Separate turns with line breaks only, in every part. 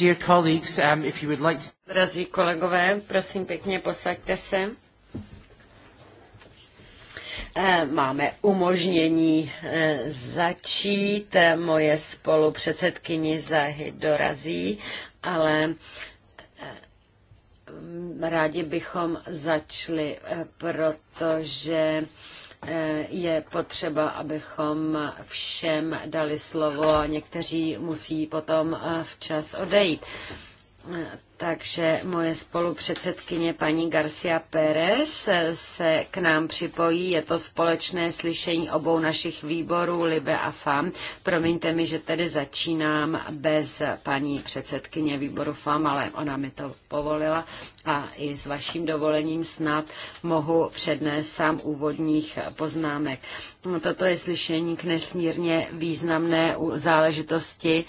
Dear colleagues, um, if you would like to...
Drazí kolegové, prosím pěkně, posaďte se. Eh, máme umožnění eh, začít. Moje spolupředsedkyni zahy dorazí, ale eh, rádi bychom začali, protože Eh, je potřeba, abychom všem dali slovo a někteří musí potom eh, včas odejít. Takže moje spolupředsedkyně paní Garcia Pérez se k nám připojí. Je to společné slyšení obou našich výborů, Libe a FAM. Promiňte mi, že tedy začínám bez paní předsedkyně výboru FAM, ale ona mi to povolila a i s vaším dovolením snad mohu přednést sám úvodních poznámek. Toto je slyšení k nesmírně významné záležitosti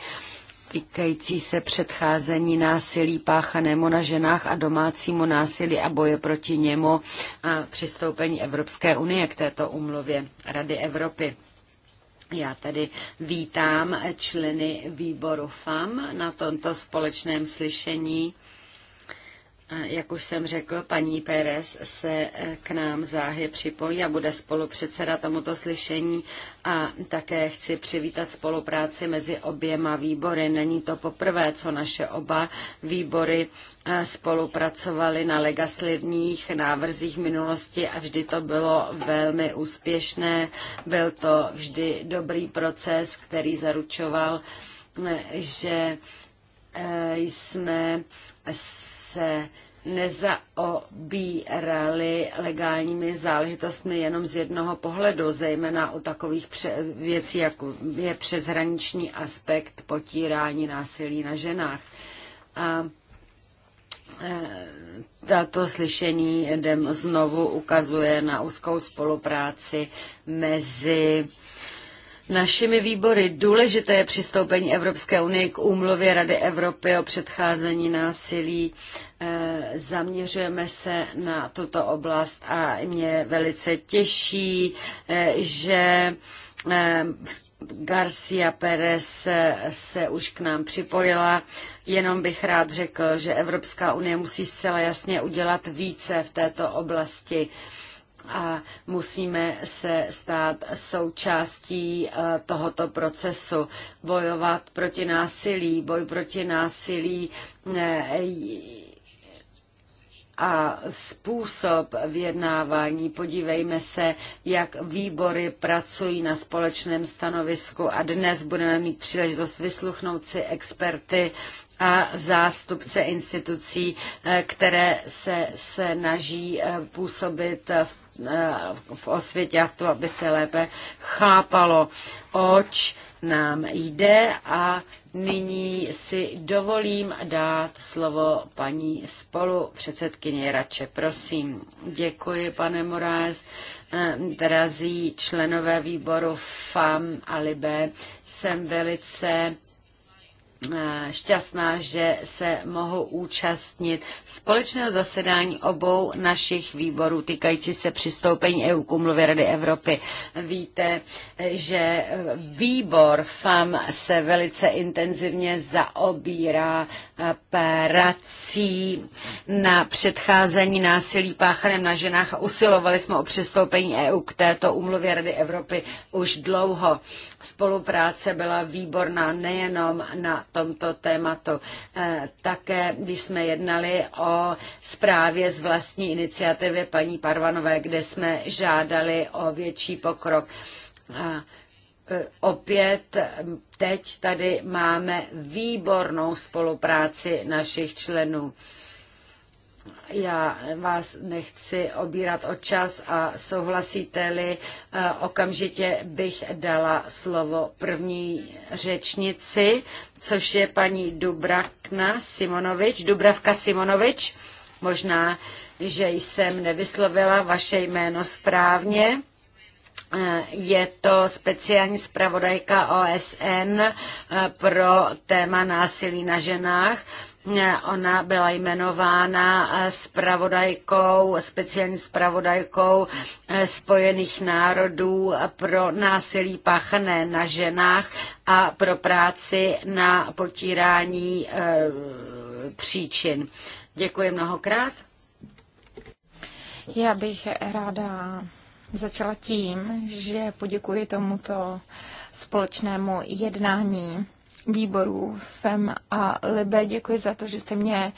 týkající se předcházení násilí páchanému na ženách a domácímu násilí a boje proti němu a přistoupení Evropské unie k této umluvě Rady Evropy. Já tady vítám členy výboru FAM na tomto společném slyšení. Jak už jsem řekl, paní Pérez se eh, k nám záhy připojí a bude spolupředseda tomuto slyšení a také chci přivítat spolupráci mezi oběma výbory. Není to poprvé, co naše oba výbory eh, spolupracovaly na legislativních návrzích minulosti a vždy to bylo velmi úspěšné. Byl to vždy dobrý proces, který zaručoval, eh, že jsme se nezaobírali legálními záležitostmi jenom z jednoho pohledu, zejména u takových věcí, jako je přeshraniční aspekt potírání násilí na ženách. A e, tato slyšení znovu ukazuje na úzkou spolupráci mezi našimi výbory. Důležité je přistoupení Evropské unie k úmluvě Rady Evropy o předcházení násilí. E, zaměřujeme se na tuto oblast a mě velice těší, e, že e, Garcia Perez se už k nám připojila. Jenom bych rád řekl, že Evropská unie musí zcela jasně udělat více v této oblasti a musíme se stát součástí eh, tohoto procesu. Bojovat proti násilí, boj proti násilí eh, a způsob vyjednávání. Podívejme se, jak výbory pracují na společném stanovisku a dnes budeme mít příležitost vysluchnout si experty a zástupce institucí, eh, které se snaží působit v v osvětě a v tom, aby se lépe chápalo, oč nám jde a nyní si dovolím dát slovo paní spolu předsedkyně Rače. Prosím, děkuji pane Moráz, eh, drazí členové výboru FAM a LIBE. Jsem velice Eh, šťastná, že se mohu účastnit společného zasedání obou našich výborů týkající se přistoupení EU k umluvě Rady Evropy. Víte, eh, že eh, výbor FAM se velice intenzivně zaobírá prací na předcházení násilí páchaném na ženách usilovali jsme o přistoupení EU k této umluvě Rady Evropy už dlouho. Spolupráce byla výborná nejenom na tomto tématu. E, také, když jsme jednali o zprávě z vlastní iniciativy paní Parvanové, kde jsme žádali o větší pokrok. A e, e, opět teď tady máme výbornou spolupráci našich členů. Já vás nechci obírat o čas a souhlasíte-li, eh, okamžitě bych dala slovo první řečnici, což je paní Dubrakna Simonovič, Dubravka Simonovič. Možná, že jsem nevyslovila vaše jméno správně. Eh, je to speciální zpravodajka OSN eh, pro téma násilí na ženách Ona byla jmenována eh, spravodajkou, speciální spravodajkou eh, Spojených národů pro násilí páchané na ženách a pro práci na potírání eh, příčin. Děkuji mnohokrát.
Já bych ráda začala tím, že poděkuji tomuto společnému jednání výborů FEM a LIBE. Děkuji za to, že jste mě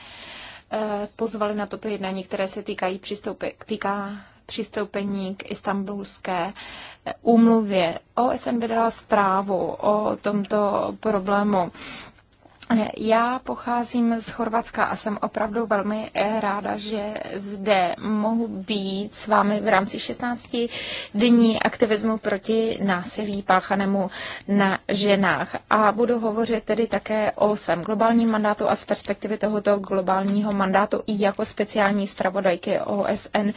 eh, pozvali na toto jednání, které se týkají přistoupe, týká přistoupení k istambulské eh, úmluvě. OSN vydala zprávu o tomto problému já pocházím z Chorvatska a jsem opravdu velmi ráda, že zde mohu být s vámi v rámci 16 dní aktivismu proti násilí páchanému na ženách. A budu hovořit tedy také o svém globálním mandátu a z perspektivy tohoto globálního mandátu i jako speciální zpravodajky OSN.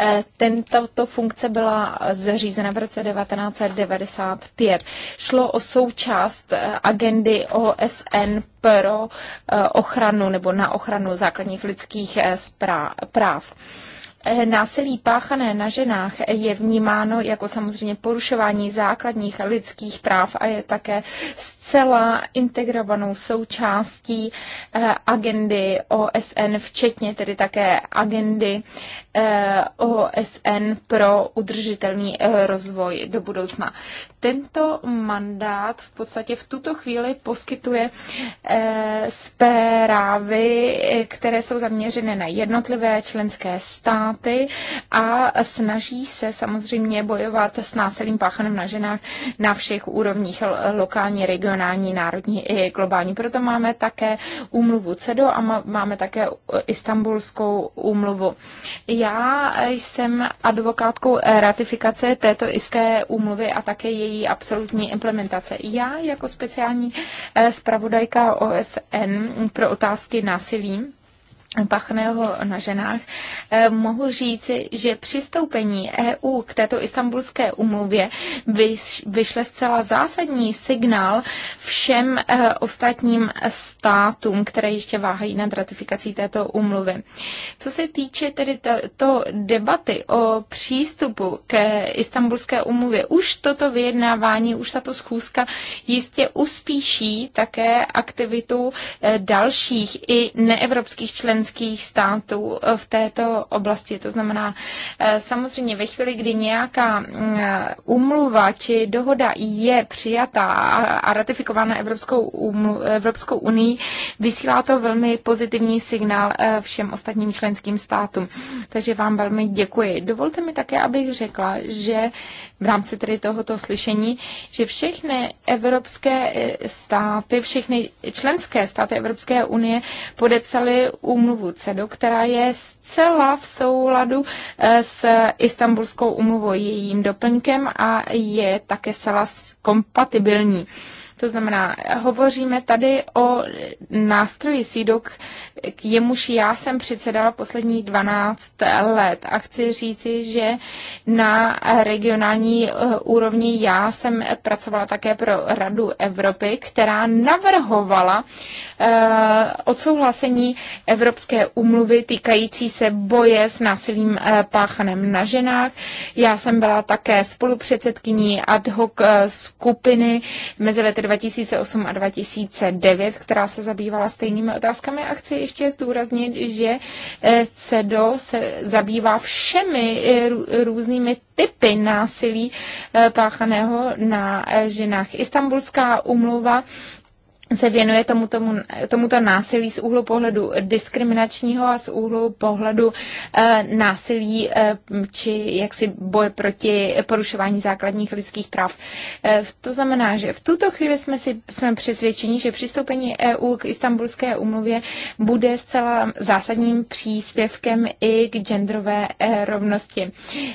E, tento funkce byla zřízena v roce 1995. Šlo o součást agendy OSN pro eh, ochranu nebo na ochranu základních lidských eh, práv. Eh, násilí páchané na ženách je vnímáno jako samozřejmě porušování základních lidských práv a je také zcela integrovanou součástí eh, agendy OSN, včetně tedy také agendy eh, OSN pro udržitelný eh, rozvoj do budoucna. Tento mandát v podstatě v tuto chvíli poskytuje zprávy, které jsou zaměřené na jednotlivé členské státy a snaží se samozřejmě bojovat s násilím páchaným na ženách na všech úrovních lokální, region regionální, národní i globální. Proto máme také úmluvu CEDO a máme také uh, istambulskou úmluvu. Já jsem advokátkou ratifikace této iské úmluvy a také její absolutní implementace. Já jako speciální eh, zpravodajka OSN pro otázky násilí Pachného na ženách, eh, mohu říci, že přistoupení EU k této istambulské umluvě vyšle zcela zásadní signál všem eh, ostatním státům, které ještě váhají nad ratifikací této umluvy. Co se týče tedy to, to debaty o přístupu k istambulské umluvě, už toto vyjednávání, už tato schůzka jistě uspíší také aktivitu eh, dalších i neevropských členů členských států eh, v této oblasti. To znamená, eh, samozřejmě ve chvíli, kdy nějaká umluva eh, či dohoda je přijatá a ratifikována Evropskou, Evropskou unii, vysílá to velmi pozitivní signál všem ostatním členským státům. Takže vám velmi děkuji. Dovolte mi také, abych řekla, že v rámci tedy tohoto slyšení, že všechny evropské státy, všechny členské státy Evropské unie podepsaly um úmluvu CEDO, která je zcela v souladu eh, s Istanbulskou úmluvou, jejím doplňkem a je také zcela kompatibilní to znamená, hovoříme tady o nástroji SIDOK, k jemuž já jsem předsedala posledních 12 let a chci říci, že na regionální eh, úrovni já jsem pracovala také pro Radu Evropy, která navrhovala eh, odsouhlasení Evropské umluvy týkající se boje s násilím eh, páchanem na ženách. Já jsem byla také spolupředsedkyní ad hoc skupiny mezi 2008 a 2009, která se zabývala stejnými otázkami a chci ještě zdůraznit, že eh, CEDO se zabývá všemi eh, různými typy násilí eh, páchaného na ženách. Istanbulská umluva se věnuje tomu, tomu, tomuto násilí z úhlu pohledu diskriminačního a z úhlu pohledu e, násilí e, či jaksi boje proti porušování základních lidských práv. E, to znamená, že v tuto chvíli jsme si jsme přesvědčeni, že přistoupení EU k istambulské umluvě bude zcela zásadním příspěvkem i k genderové e, rovnosti.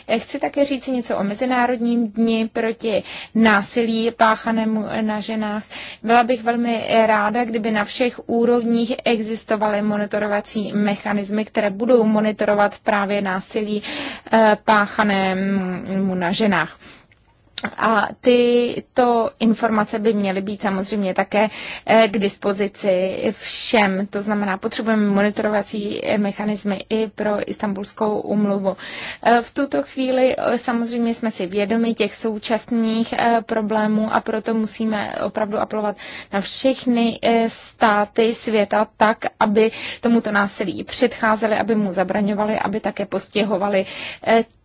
E, chci také říct něco o Mezinárodním dni proti násilí páchanému na ženách. Byla bych velmi ráda, kdyby na všech úrovních existovaly monitorovací mechanismy, které budou monitorovat právě násilí eh, páchané na ženách. A tyto informace by měly být samozřejmě také eh, k dispozici všem. To znamená, potřebujeme monitorovací eh, mechanismy i pro istambulskou umluvu. Eh, v tuto chvíli samozřejmě jsme si vědomi těch současných problémů a proto musíme opravdu apelovat na všechny státy světa tak, aby tomuto násilí předcházeli, aby mu zabraňovali, aby také postihovali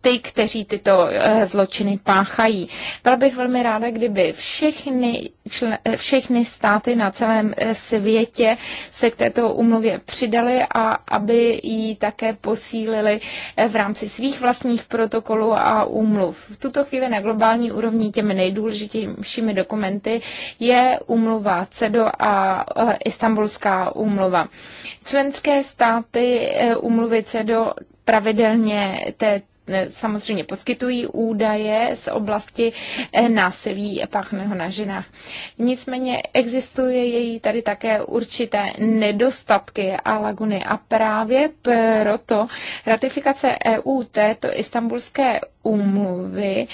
ty, kteří tyto eh, zločiny páchají. Byla bych velmi ráda, kdyby všechny, člen, eh, všechny státy na celém eh, světě se k této umluvě přidali a aby ji také posílili v rámci svých vlastních protokolů a úmluv. V tuto chvíli na globální úrovni těmi nejdůležitějšími dokumenty je umluva CEDO a Istanbulská umluva. Členské státy umluvy CEDO pravidelně té samozřejmě poskytují údaje z oblasti eh, násilí páchného na ženách. Nicméně existuje její tady také určité nedostatky a laguny a právě proto ratifikace EU této istambulské úmluvy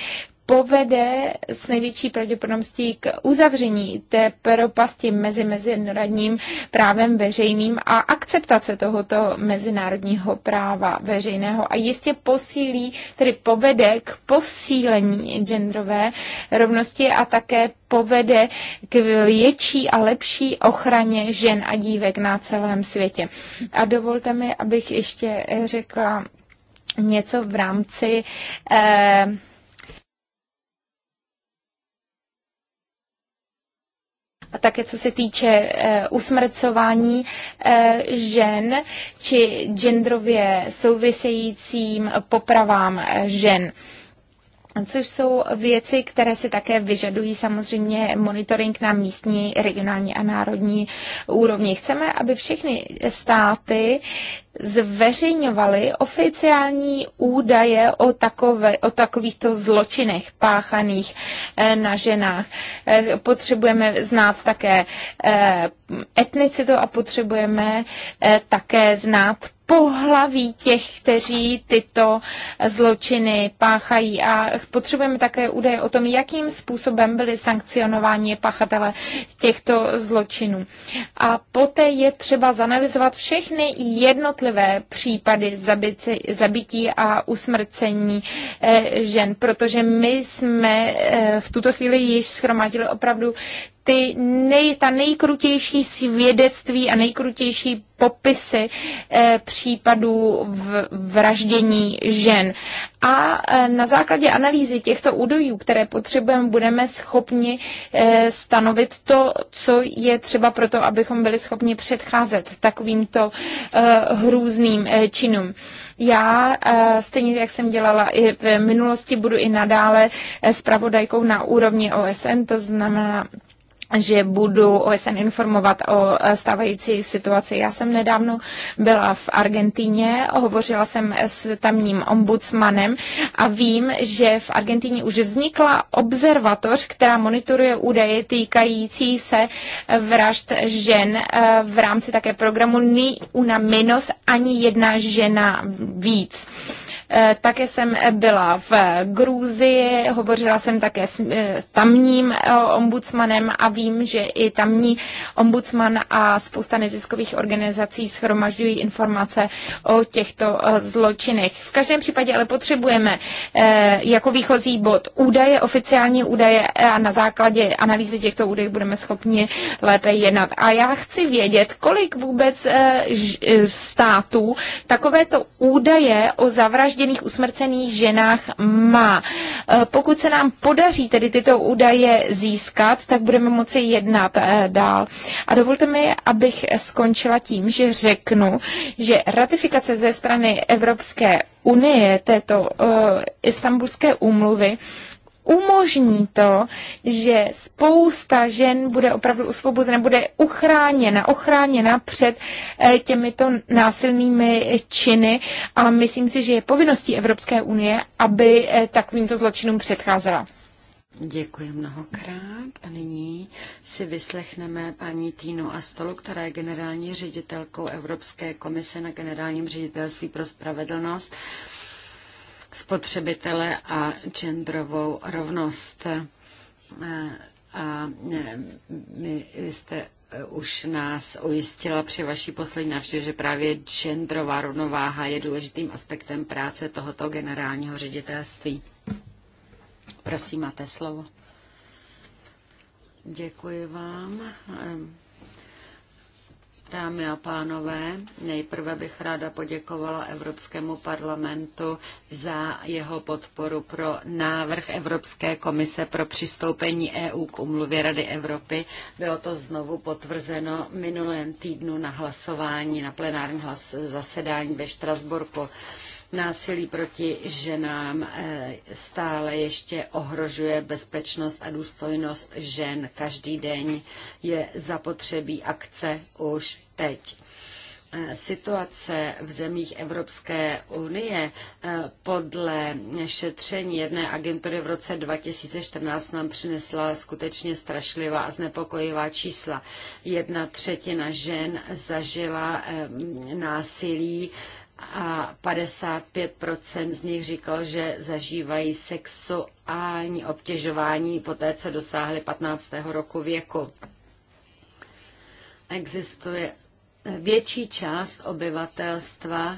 povede s největší pravděpodobností k uzavření té propasti mezi mezinárodním právem veřejným a akceptace tohoto mezinárodního práva veřejného a jistě posílí, tedy povede k posílení genderové rovnosti a také povede k větší a lepší ochraně žen a dívek na celém světě. A dovolte mi, abych ještě řekla něco v rámci eh, a také co se týče eh, usmrcování eh, žen či genderově souvisejícím popravám eh, žen což jsou věci, které si také vyžadují samozřejmě monitoring na místní, regionální a národní úrovni. Chceme, aby všechny státy zveřejňovali oficiální údaje o, takové, o takovýchto zločinech páchaných eh, na ženách. Eh, potřebujeme znát také eh, etnicitu a potřebujeme také znát pohlaví těch, kteří tyto zločiny páchají. A potřebujeme také údaje o tom, jakým způsobem byly sankcionováni pachatele těchto zločinů. A poté je třeba zanalizovat všechny jednotlivé jednotlivé případy zabici, zabití a usmrcení eh, žen, protože my jsme eh, v tuto chvíli již schromadili opravdu ty nej, ta nejkrutější svědectví a nejkrutější popisy e, případů v, vraždění žen. A e, na základě analýzy těchto údajů, které potřebujeme, budeme schopni e, stanovit to, co je třeba pro to, abychom byli schopni předcházet takovýmto e, hrůzným e, činům. Já, stejně jak jsem dělala i v minulosti, budu i nadále spravodajkou na úrovni OSN, to znamená že budu OSN informovat o e, stávající situaci. Já jsem nedávno byla v Argentíně, hovořila jsem s tamním ombudsmanem a vím, že v Argentíně už vznikla observatoř, která monitoruje údaje týkající se vražd žen e, v rámci také programu Ni una menos, ani jedna žena víc. Eh, také jsem byla v Gruzii, hovořila jsem také s eh, tamním eh, ombudsmanem a vím, že i tamní ombudsman a spousta neziskových organizací schromažďují informace o těchto zločinech. V každém případě ale potřebujeme jako výchozí bod údaje, oficiální údaje a na základě analýzy těchto údajů budeme schopni lépe jednat. A já chci vědět, kolik vůbec států takovéto údaje o zavraždění umrtěných, usmrcených ženách má. Eh, pokud se nám podaří tedy tyto údaje získat, tak budeme moci jednat eh, dál. A dovolte mi, abych skončila tím, že řeknu, že ratifikace ze strany Evropské unie této uh, istambulské úmluvy umožní to, že spousta žen bude opravdu osvobozena, bude uchráněna, ochráněna před eh, těmito násilnými činy a myslím si, že je povinností Evropské unie, aby eh, takovýmto zločinům předcházela.
Děkuji mnohokrát a nyní si vyslechneme paní Týnu Astolu, která je generální ředitelkou Evropské komise na generálním ředitelství pro spravedlnost spotřebitele a genderovou rovnost. A my, vy jste e, už nás ujistila při vaší poslední návštěvě, že právě genderová rovnováha je důležitým aspektem práce tohoto generálního ředitelství. Prosím, máte slovo. Děkuji vám. Dámy a pánové, nejprve bych ráda poděkovala Evropskému parlamentu za jeho podporu pro návrh Evropské komise pro přistoupení EU k umluvě Rady Evropy. Bylo to znovu potvrzeno minulém týdnu na hlasování, na plenární hlas, zasedání ve Štrasburku násilí proti ženám eh, stále ještě ohrožuje bezpečnost a důstojnost žen každý den. Je zapotřebí akce už teď eh, situace v zemích Evropské unie eh, podle šetření jedné agentury v roce 2014 nám přinesla skutečně strašlivá a znepokojivá čísla. Jedna třetina žen zažila eh, násilí a 55% z nich říkal, že zažívají sexuální obtěžování poté, co dosáhly 15. roku věku. Existuje větší část obyvatelstva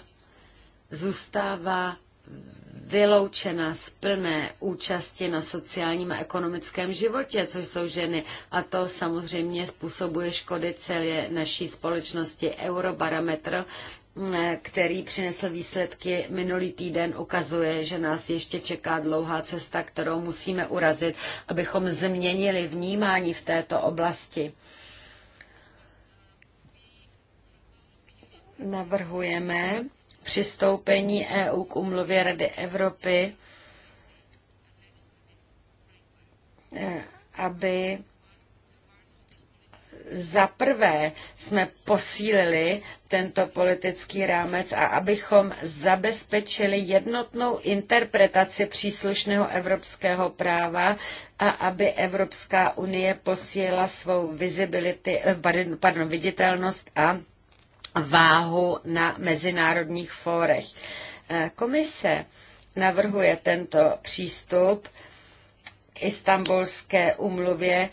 zůstává vyloučena z plné účasti na sociálním a ekonomickém životě, což jsou ženy. A to samozřejmě způsobuje škody celé naší společnosti. Eurobarometr eh, který přinesl výsledky minulý týden, ukazuje, že nás ještě čeká dlouhá cesta, kterou musíme urazit, abychom změnili vnímání v této oblasti. navrhujeme přistoupení EU k umluvě Rady Evropy, eh, aby za prvé jsme posílili tento politický rámec a abychom zabezpečili jednotnou interpretaci příslušného evropského práva a aby Evropská unie posílila svou vizibility, eh, pardon, viditelnost a váhu na mezinárodních fórech. Eh, komise navrhuje tento přístup k istambulské umluvě.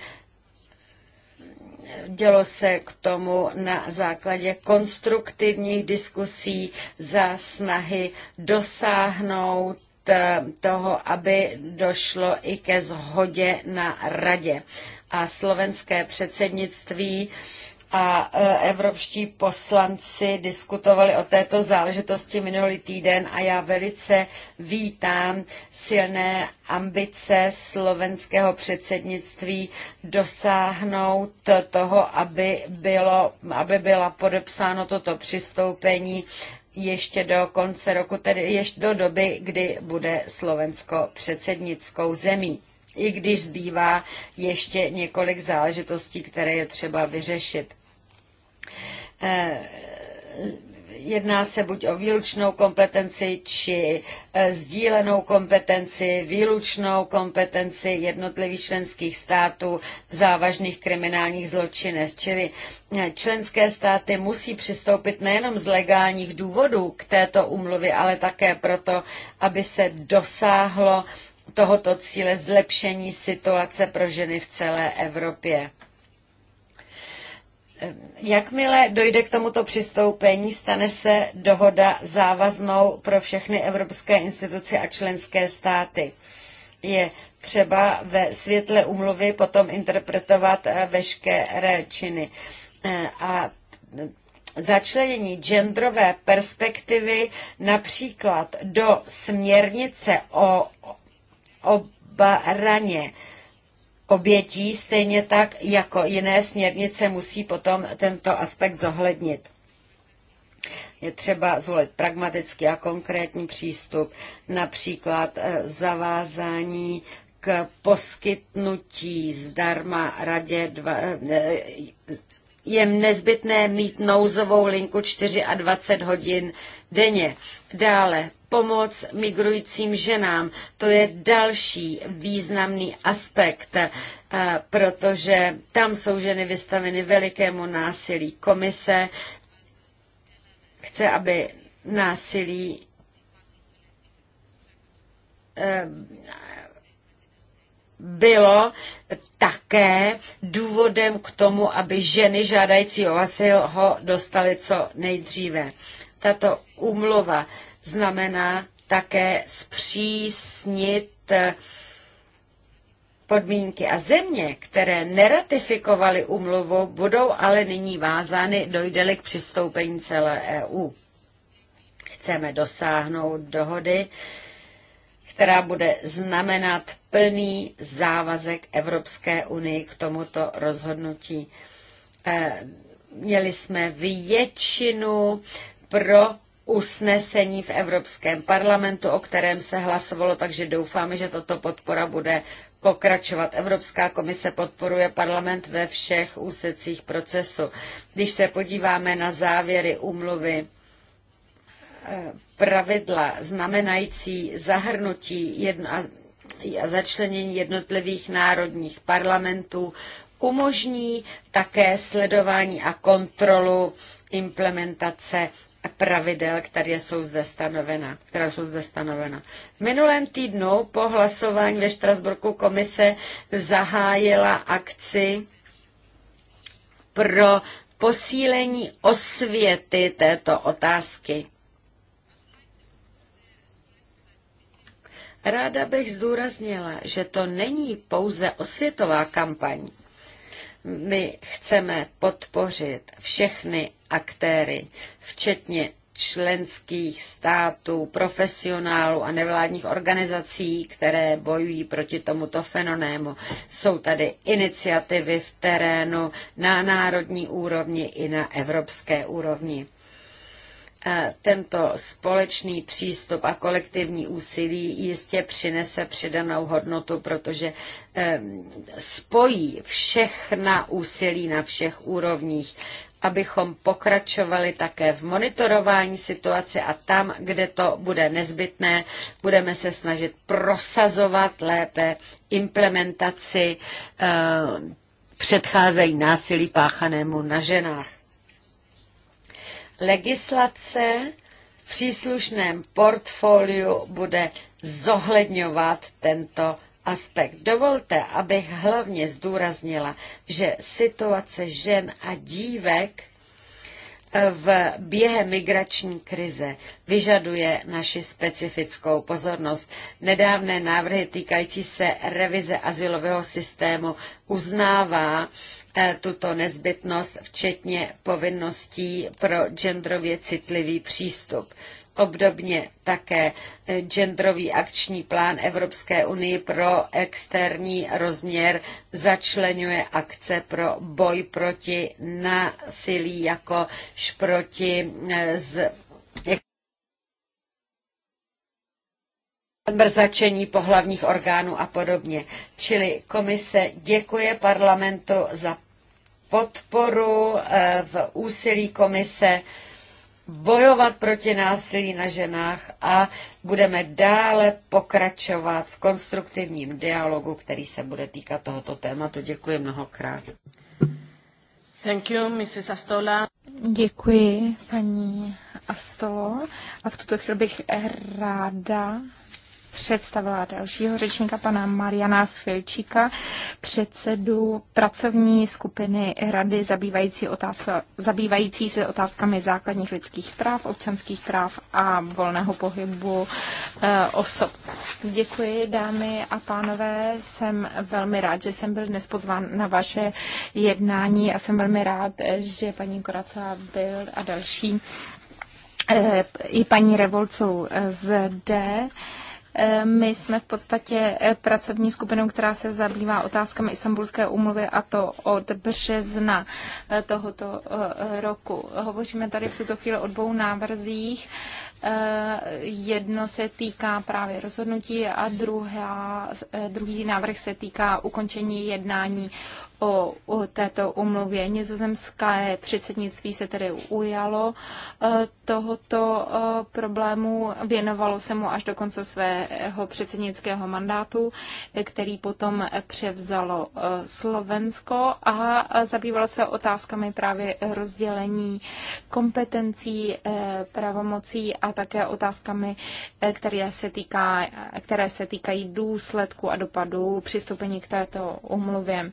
Dělo se k tomu na základě konstruktivních diskusí za snahy dosáhnout eh, toho, aby došlo i ke shodě na radě. A slovenské předsednictví a e, evropští poslanci diskutovali o této záležitosti minulý týden a já velice vítám silné ambice slovenského předsednictví dosáhnout toho, aby, bylo, aby byla podepsáno toto přistoupení ještě do konce roku, tedy ještě do doby, kdy bude Slovensko předsednickou zemí i když zbývá ještě několik záležitostí, které je třeba vyřešit. Eh, jedná se buď o výlučnou kompetenci, či eh, sdílenou kompetenci, výlučnou kompetenci jednotlivých členských států v závažných kriminálních zločinech. Čili eh, členské státy musí přistoupit nejenom z legálních důvodů k této úmluvě, ale také proto, aby se dosáhlo tohoto cíle zlepšení situace pro ženy v celé Evropě. Jakmile dojde k tomuto přistoupení, stane se dohoda závaznou pro všechny evropské instituce a členské státy. Je třeba ve světle umluvy potom interpretovat eh, veškeré činy. Eh, a začlenění genderové perspektivy například do směrnice o obraně, obětí, stejně tak jako jiné směrnice musí potom tento aspekt zohlednit. Je třeba zvolit pragmatický a konkrétní přístup, například eh, zavázání k poskytnutí zdarma radě dva, eh, je nezbytné mít nouzovou linku 24 hodin denně. Dále pomoc migrujícím ženám. To je další významný aspekt, eh, protože tam jsou ženy vystaveny velikému násilí. Komise chce, aby násilí eh, bylo také důvodem k tomu, aby ženy žádající o asil ho dostaly co nejdříve. Tato úmluva znamená také zpřísnit eh, podmínky a země, které neratifikovaly umluvu, budou ale nyní vázány, dojde k přistoupení celé EU. Chceme dosáhnout dohody, která bude znamenat plný závazek Evropské unii k tomuto rozhodnutí. Eh, měli jsme většinu pro usnesení v Evropském parlamentu, o kterém se hlasovalo, takže doufáme, že tato podpora bude pokračovat. Evropská komise podporuje parlament ve všech úsecích procesu. Když se podíváme na závěry úmluvy, eh, pravidla znamenající zahrnutí a začlenění jednotlivých národních parlamentů umožní také sledování a kontrolu implementace pravidel, které jsou zde stanovena, která jsou zde stanovena. V minulém týdnu po hlasování ve Štrasburku komise zahájila akci pro posílení osvěty této otázky. Ráda bych zdůraznila, že to není pouze osvětová kampaň. My chceme podpořit všechny aktéry, včetně členských států, profesionálů a nevládních organizací, které bojují proti tomuto fenonému. Jsou tady iniciativy v terénu na národní úrovni i na evropské úrovni tento společný přístup a kolektivní úsilí jistě přinese přidanou hodnotu, protože spojí všechna úsilí na všech úrovních abychom pokračovali také v monitorování situace a tam, kde to bude nezbytné, budeme se snažit prosazovat lépe implementaci eh, předcházejí násilí páchanému na ženách legislace v příslušném portfoliu bude zohledňovat tento aspekt. Dovolte, abych hlavně zdůraznila, že situace žen a dívek eh, v během migrační krize vyžaduje naši specifickou pozornost. Nedávné návrhy týkající se revize asilového systému uznává Eh, tuto nezbytnost, včetně povinností pro genderově citlivý přístup. Obdobně také eh, genderový akční plán Evropské unie pro externí rozměr začlenuje akce pro boj proti násilí, jakož proti eh, z mrzačení pohlavních orgánů a podobně. Čili komise děkuje parlamentu za podporu eh, v úsilí komise bojovat proti násilí na ženách a budeme dále pokračovat v konstruktivním dialogu, který se bude týkat tohoto tématu. Děkuji mnohokrát. Thank you, Mrs. Astola.
Děkuji, paní Astolo. A v tuto chvíli bych ráda představila dalšího řečníka, pana Mariana Filčíka, předsedu pracovní skupiny Rady zabývající, otázka, zabývající se otázkami základních lidských práv, občanských práv a volného pohybu e, osob. Děkuji, dámy a pánové. Jsem velmi rád, že jsem byl dnes pozván na vaše jednání a jsem velmi rád, že paní Koraca byl a další eh, i paní Revolcou eh, zde. Eh, my jsme v podstatě eh, pracovní skupinou, která se zabývá otázkami Istanbulské úmluvy a to od března eh, tohoto roku. Hovoříme tady v tuto chvíli o dvou návrzích. Jedno se týká právě rozhodnutí a druhá, druhý návrh se týká ukončení jednání o, o této umluvě. Nizozemské předsednictví se tedy ujalo e, tohoto e, problému, věnovalo se mu až do konce svého předsednického mandátu, e, který potom převzalo Slovensko a zabývalo se otázkami právě rozdělení kompetencí, pravomocí a také otázkami, které se, týká, které se týkají důsledku a dopadu přistoupení k této umluvě.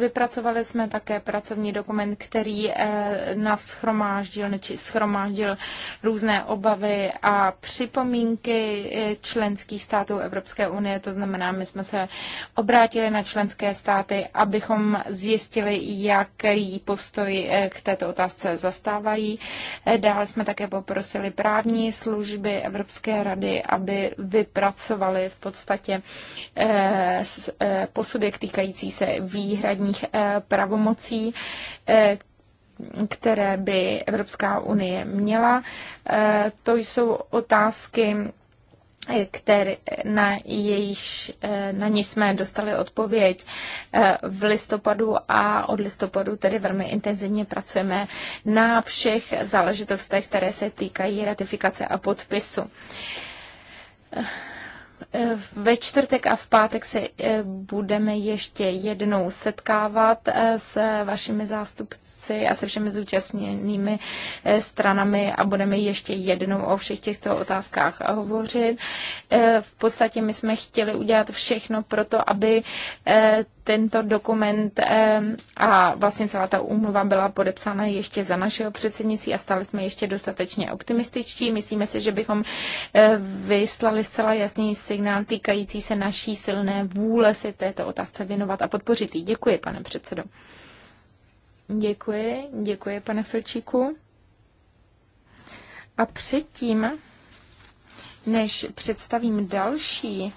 Vypracovali jsme také pracovní dokument, který eh, nás schromáždil, neči schromáždil různé obavy a připomínky eh, členských států Evropské unie. To znamená, my jsme se obrátili na členské státy, abychom zjistili, jaký postoj eh, k této otázce zastávají. Dále jsme také poprosili právní služby Evropské rady, aby vypracovali v podstatě posudek týkající se výhradních eh, pravomocí, eh, které by Evropská unie měla. Eh, to jsou otázky, který, na, jejich, na ní jsme dostali odpověď v listopadu a od listopadu tedy velmi intenzivně pracujeme na všech záležitostech, které se týkají ratifikace a podpisu. Eh, ve čtvrtek a v pátek se eh, budeme ještě jednou setkávat eh, s vašimi zástupci a se všemi zúčastněnými stranami a budeme ještě jednou o všech těchto otázkách hovořit. V podstatě my jsme chtěli udělat všechno pro to, aby tento dokument a vlastně celá ta úmluva byla podepsána ještě za našeho předsednictví a stali jsme ještě dostatečně optimističtí. Myslíme si, že bychom eh, vyslali zcela jasný signál týkající se naší silné vůle si této otázce věnovat a podpořit ji. Děkuji, pane předsedo. Děkuji, děkuji, pane Filčíku. A předtím, než představím další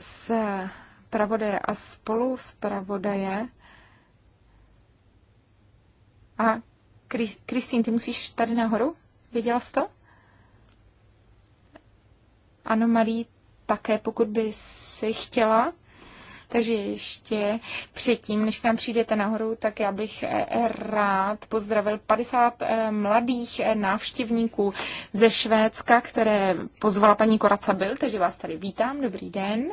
se zpravodaje a spolu zpravodaje. A Kristýn, ty musíš tady nahoru? Viděla jsi to? Ano, Marie, také pokud by si chtěla. Takže ještě předtím, než k nám přijdete nahoru, tak já bych eh, rád pozdravil 50 eh, mladých eh, návštěvníků ze Švédska, které pozvala paní Koraca Byl, takže vás tady vítám, dobrý den.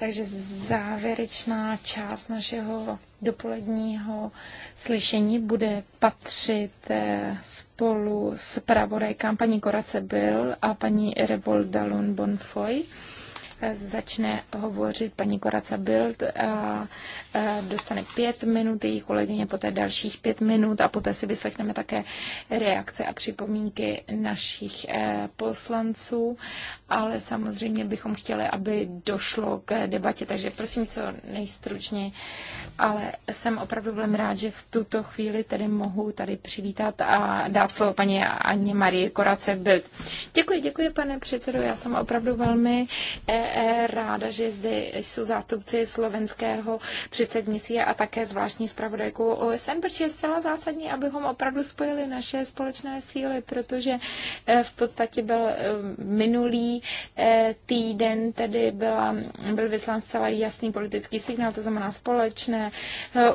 Takže závěrečná část našeho dopoledního slyšení bude patřit eh, spolu s pravodajkám paní Korace Byl a paní Revoldalon Bonfoy začne hovořit paní Koraca Bild, dostane pět minut, její kolegyně poté dalších pět minut a poté si vyslechneme také reakce a připomínky našich eh, poslanců, ale samozřejmě bychom chtěli, aby došlo k debatě, takže prosím co nejstručně, ale jsem opravdu velmi rád, že v tuto chvíli tedy mohu tady přivítat a dát slovo paní Aně Marie Korace Bild. Děkuji, děkuji, pane předsedo, já jsem opravdu velmi eh, ráda, že zde jsou zástupci slovenského předsednictví a také zvláštní zpravodajku OSN, protože je zcela zásadní, abychom opravdu spojili naše společné síly, protože eh, v podstatě byl eh, minulý eh, týden, tedy byla, byl vyslán zcela jasný politický signál, to znamená společné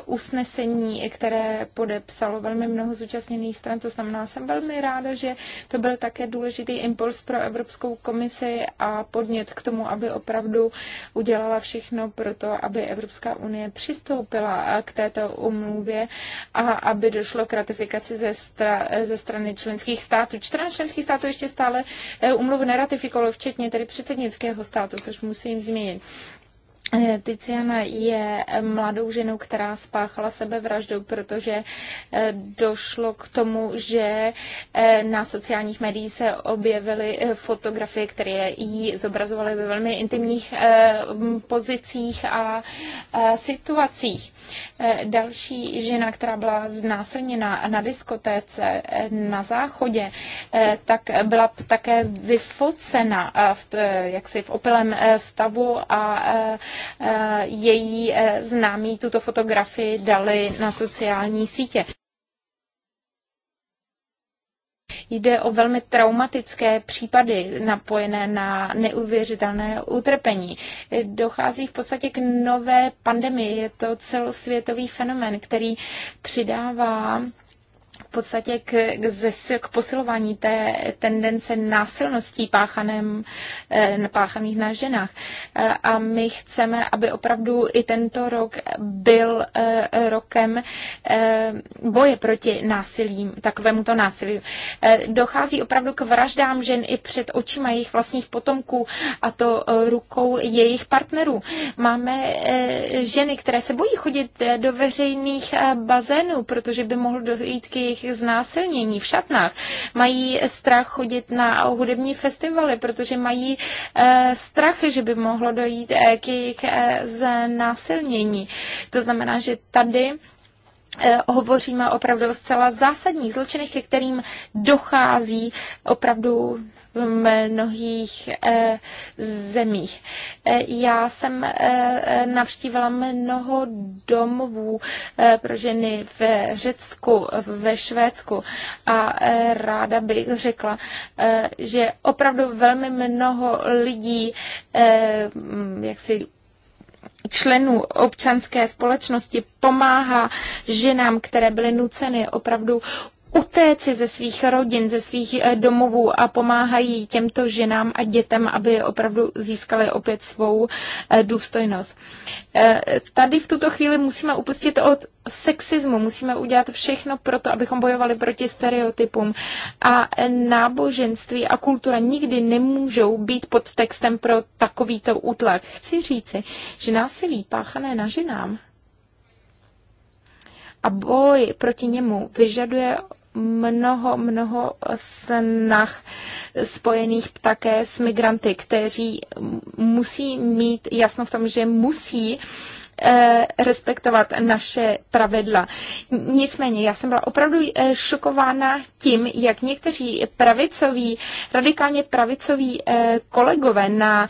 usnesení, které podepsalo velmi mnoho zúčastněných stran, to znamená, jsem velmi ráda, že to byl také důležitý impuls pro Evropskou komisi a podnět k tomu, aby aby opravdu udělala všechno pro to, aby Evropská unie přistoupila k této umluvě a aby došlo k ratifikaci ze, stra, ze strany členských států. 14 členských států ještě stále eh, umluvu neratifikovalo, včetně tedy předsednického státu, což musím změnit. Eh, Tiziana je mladou ženou, která spáchala sebevraždu, protože eh, došlo k tomu, že eh, na sociálních médiích se objevily fotografie, které ji zobrazovaly ve velmi intimních pozicích a situacích. Eh, další žena, která byla znásilněna na diskotéce eh, na záchodě, eh, tak byla také vyfocena v, jaksi v opilém stavu a její známí tuto fotografii dali na sociální sítě. Jde o velmi traumatické případy napojené na neuvěřitelné utrpení. Dochází v podstatě k nové pandemii. Je to celosvětový fenomén, který přidává podstatě k, k, zes, k posilování té tendence násilností páchaném, eh, páchaných na ženách. Eh, a my chceme, aby opravdu i tento rok byl eh, rokem boje proti násilím, takovému to násilí. Dochází opravdu k vraždám žen i před očima jejich vlastních potomků a to rukou jejich partnerů. Máme ženy, které se bojí chodit do veřejných bazénů, protože by mohlo dojít k jejich znásilnění v šatnách, mají strach chodit na hudební festivaly, protože mají eh, strach, že by mohlo dojít eh, k jejich eh, znásilnění. To znamená, že tady Eh, hovoříme opravdu o zcela zásadních zločinech, ke kterým dochází opravdu v mnohých eh, zemích. Eh, já jsem navštívila mnoho domovů pro ženy v Řecku, ve Švédsku a ráda bych řekla, že opravdu velmi mnoho lidí jak si členů občanské společnosti pomáhá ženám, které byly nuceny opravdu utéci ze svých rodin, ze svých eh, domovů a pomáhají těmto ženám a dětem, aby opravdu získali opět svou eh, důstojnost. Eh, tady v tuto chvíli musíme upustit od sexismu, musíme udělat všechno pro to, abychom bojovali proti stereotypům. A náboženství a kultura nikdy nemůžou být pod textem pro takovýto útlak. Chci říci, že násilí páchané na ženám a boj proti němu vyžaduje mnoho, mnoho snah spojených také s migranty, kteří musí mít jasno v tom, že musí eh, respektovat naše pravidla. Nicméně, já jsem byla opravdu eh, šokována tím, jak někteří pravicoví, radikálně pravicoví eh, kolegové na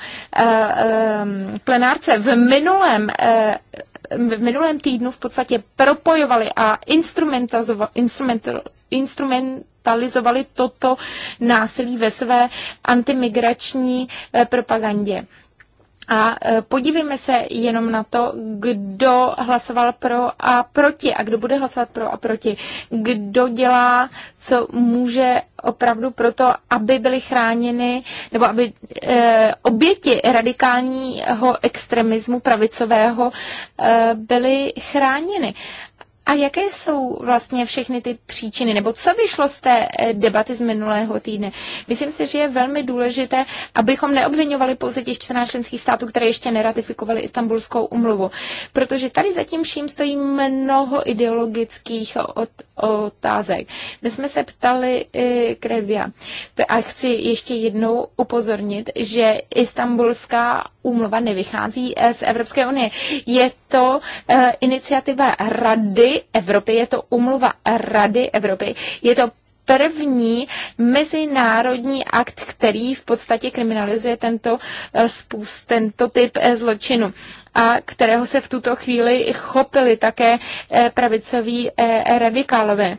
plenárce v minulém v minulém týdnu v podstatě propojovali a instrumentalizovali, instrumentalizovali toto násilí ve své antimigrační eh, propagandě. A eh, podívejme se jenom na to, kdo hlasoval pro a proti a kdo bude hlasovat pro a proti. Kdo dělá, co může opravdu proto, aby byly chráněny nebo aby e, oběti radikálního extremismu pravicového e, byly chráněny. A jaké jsou vlastně všechny ty příčiny, nebo co vyšlo z té eh, debaty z minulého týdne? Myslím si, že je velmi důležité, abychom neobvinovali pouze těch 14 členských států, které ještě neratifikovali Istanbulskou umluvu, protože tady zatím vším stojí mnoho ideologických od, otázek. My jsme se ptali e, Krevia a chci ještě jednou upozornit, že Istanbulská umluva nevychází eh, z Evropské unie. Je to eh, iniciativa Rady Evropy, je to umluva Rady Evropy, je to první mezinárodní akt, který v podstatě kriminalizuje tento, eh, spůst, tento typ eh, zločinu a kterého se v tuto chvíli chopili také pravicoví radikálové.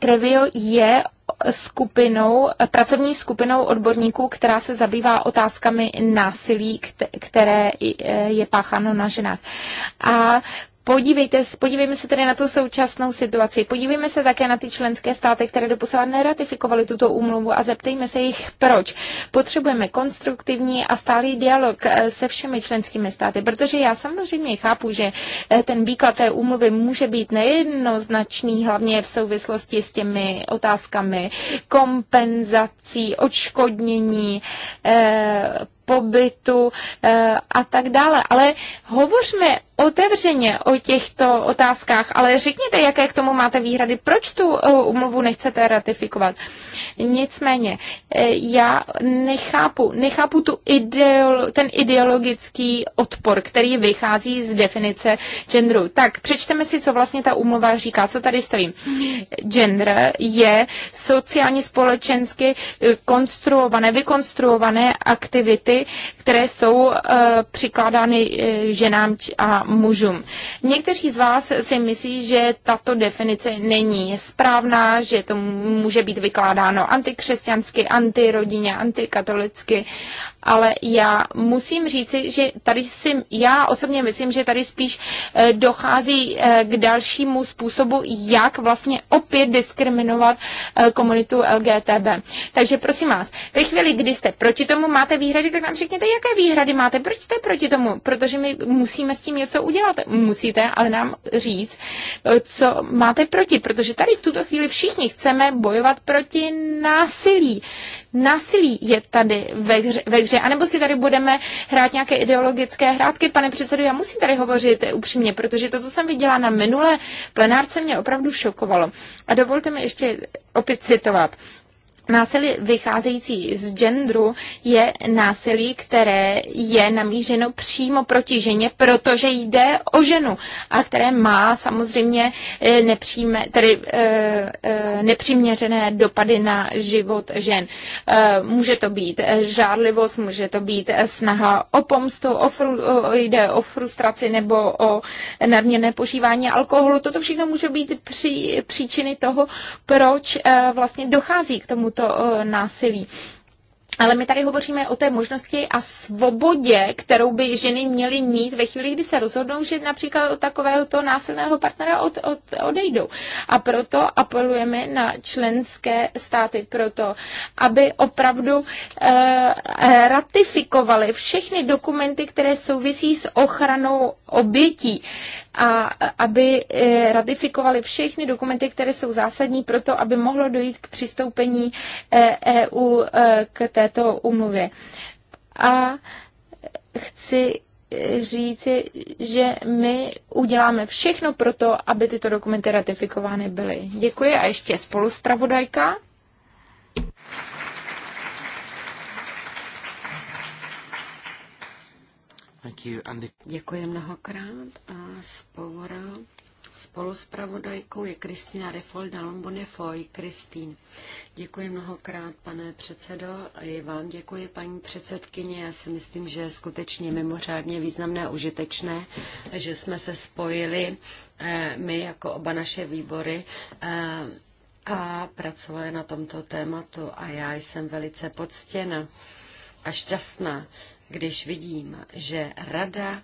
Krevio je skupinou, pracovní skupinou odborníků, která se zabývá otázkami násilí, které e, je pácháno na ženách. A podívejte, podívejme se tedy na tu současnou situaci. Podívejme se také na ty členské státy, které doposud neratifikovaly tuto úmluvu a zeptejme se jich, proč. Potřebujeme konstruktivní a stálý dialog eh, se všemi členskými státy, protože já samozřejmě chápu, že eh, ten výklad té úmluvy může být nejednoznačný, hlavně v souvislosti s těmi otázkami kompenzací, odškodnění, eh, pobytu a tak dále. Ale hovořme otevřeně o těchto otázkách, ale řekněte, jaké k tomu máte výhrady, proč tu eh, umluvu nechcete ratifikovat. Nicméně, eh, já nechápu, nechápu tu ideolo, ten ideologický odpor, který vychází z definice genderu. Tak, přečteme si, co vlastně ta umluva říká, co tady stojím. Gender je sociálně společensky eh, konstruované, vykonstruované aktivity, které jsou uh, přikládány ženám a mužům. Někteří z vás si myslí, že tato definice není správná, že to může být vykládáno antikřesťansky, antirodině, antikatolicky ale já musím říci, že tady si, já osobně myslím, že tady spíš eh, dochází eh, k dalšímu způsobu, jak vlastně opět diskriminovat eh, komunitu LGTB. Takže prosím vás, ve chvíli, kdy jste proti tomu, máte výhrady, tak nám řekněte, jaké výhrady máte, proč jste proti tomu, protože my musíme s tím něco udělat. Musíte ale nám říct, co máte proti, protože tady v tuto chvíli všichni chceme bojovat proti násilí násilí je tady ve hře, ve hře. anebo si tady budeme hrát nějaké ideologické hrátky. Pane předsedo, já musím tady hovořit upřímně, protože to, co jsem viděla na minulé plenárce, mě opravdu šokovalo. A dovolte mi ještě opět citovat. Násilí vycházející z genderu je násilí, které je namířeno přímo proti ženě, protože jde o ženu a které má samozřejmě eh, nepříme, tedy, eh, eh, nepřiměřené dopady na život žen. může to být žádlivost, může to být snaha o pomstu, o fru, o, jde o frustraci nebo o nadměrné požívání alkoholu. Toto všechno může být při, příčiny toho, proč vlastně dochází k tomuto to eh, násilí. Ale my tady hovoříme o té možnosti a svobodě, kterou by ženy měly mít ve chvíli, kdy se rozhodnou, že například od takovéhoto násilného partnera od, od, odejdou. A proto apelujeme na členské státy, proto, aby opravdu eh, ratifikovali všechny dokumenty, které souvisí s ochranou obětí a aby eh, ratifikovali všechny dokumenty, které jsou zásadní pro to, aby mohlo dojít k přistoupení EU eh, e eh, k této umluvě. A chci říci, že my uděláme všechno pro to, aby tyto dokumenty ratifikovány byly. Děkuji a ještě spolu zpravodajka.
Děkuji mnohokrát a spovora spolu s pravodajkou je Kristýna Refol Dalon Bonifoy. Kristýn, děkuji mnohokrát, pane předsedo, a i vám děkuji, paní předsedkyně. Já si myslím, že je skutečně mimořádně významné a užitečné, že jsme se spojili eh, my jako oba naše výbory eh, a pracovali na tomto tématu a já jsem velice poctěna a šťastná, když vidím, že rada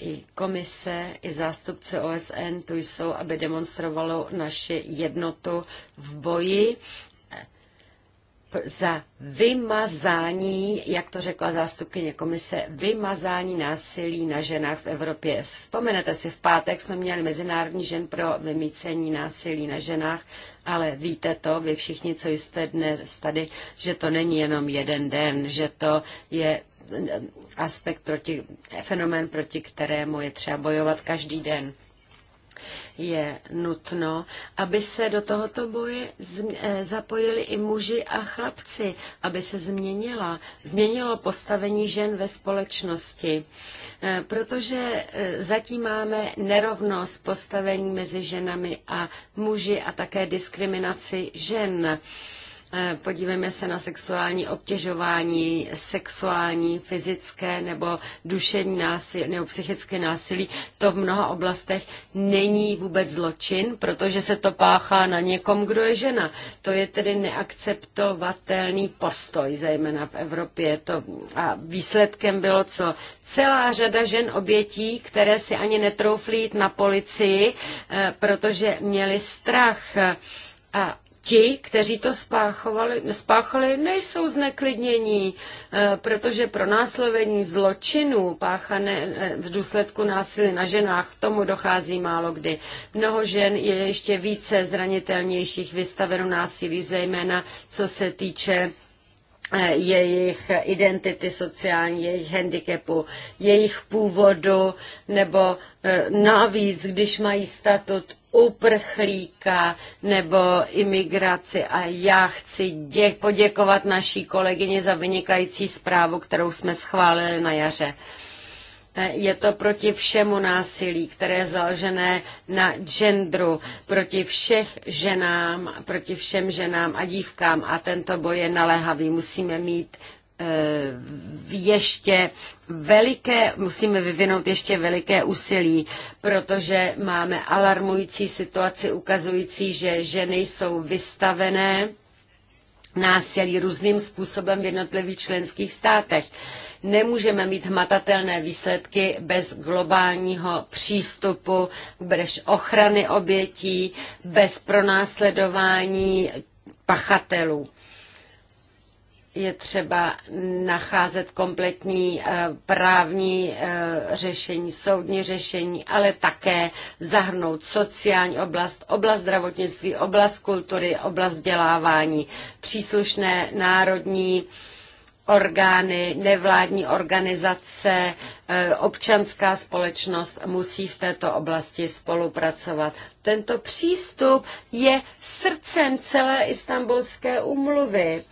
i komise, i zástupce OSN tu jsou, aby demonstrovalo naše jednotu v boji eh, za vymazání, jak to řekla zástupkyně komise, vymazání násilí na ženách v Evropě. Vzpomenete si, v pátek jsme měli Mezinárodní žen pro vymícení násilí na ženách, ale víte to, vy všichni, co jste dnes tady, že to není jenom jeden den, že to je aspekt, proti, fenomén, proti kterému je třeba bojovat každý den je nutno, aby se do tohoto boje eh, zapojili i muži a chlapci, aby se změnila, změnilo postavení žen ve společnosti. Eh, protože eh, zatím máme nerovnost postavení mezi ženami a muži a také diskriminaci žen. Eh, podívejme se na sexuální obtěžování, sexuální, fyzické nebo duševní násilí nebo psychické násilí. To v mnoha oblastech není vůbec zločin, protože se to páchá na někom, kdo je žena. To je tedy neakceptovatelný postoj, zejména v Evropě. To a výsledkem bylo co? Celá řada žen obětí, které si ani netrouflí jít na policii, eh, protože měli strach. A ti, kteří to spáchali, spáchali nejsou zneklidnění, eh, protože pro následení zločinů páchané eh, v důsledku násilí na ženách k tomu dochází málo kdy. Mnoho žen je ještě více zranitelnějších vystaveno násilí, zejména co se týče Eh, jejich identity sociální, jejich handicapu, jejich původu, nebo eh, navíc, když mají statut uprchlíka nebo imigraci. A já chci dě- poděkovat naší kolegyně za vynikající zprávu, kterou jsme schválili na jaře. Je to proti všemu násilí, které je založené na genderu, proti všech ženám, proti všem ženám a dívkám. A tento boj je naléhavý. Musíme mít eh, ještě veliké, musíme vyvinout ještě veliké úsilí, protože máme alarmující situaci ukazující, že ženy jsou vystavené násilí různým způsobem v jednotlivých členských státech. Nemůžeme mít hmatatelné výsledky bez globálního přístupu, bez ochrany obětí, bez pronásledování pachatelů je třeba nacházet kompletní eh, právní eh, řešení, soudní řešení, ale také zahrnout sociální oblast, oblast zdravotnictví, oblast kultury, oblast vzdělávání, příslušné národní orgány, nevládní organizace, eh, občanská společnost musí v této oblasti spolupracovat. Tento přístup je srdcem celé istambulské úmluvy.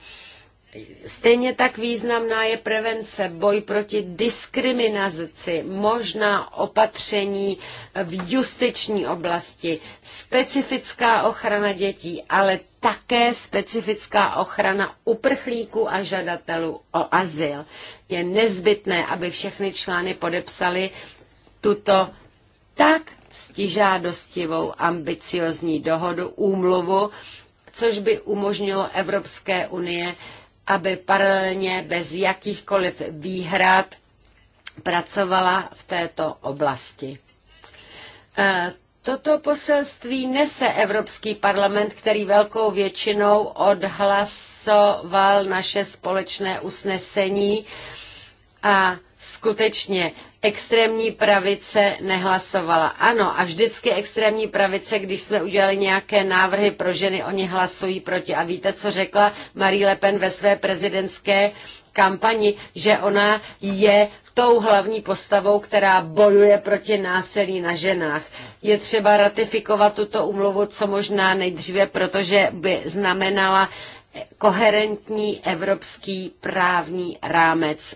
Stejně tak významná je prevence, boj proti diskriminaci, možná opatření v justiční oblasti, specifická ochrana dětí, ale také specifická ochrana uprchlíků a žadatelů o azyl. Je nezbytné, aby všechny člány podepsali tuto tak stižádostivou ambiciozní dohodu, úmluvu, což by umožnilo Evropské unie aby paralelně bez jakýchkoliv výhrad pracovala v této oblasti. E, toto poselství nese Evropský parlament, který velkou většinou odhlasoval naše společné usnesení a skutečně extrémní pravice nehlasovala. Ano, a vždycky extrémní pravice, když jsme udělali nějaké návrhy pro ženy, oni hlasují proti. A víte, co řekla Marie Le Pen ve své prezidentské kampani, že ona je tou hlavní postavou, která bojuje proti násilí na ženách. Je třeba ratifikovat tuto umluvu co možná nejdříve, protože by znamenala koherentní evropský právní rámec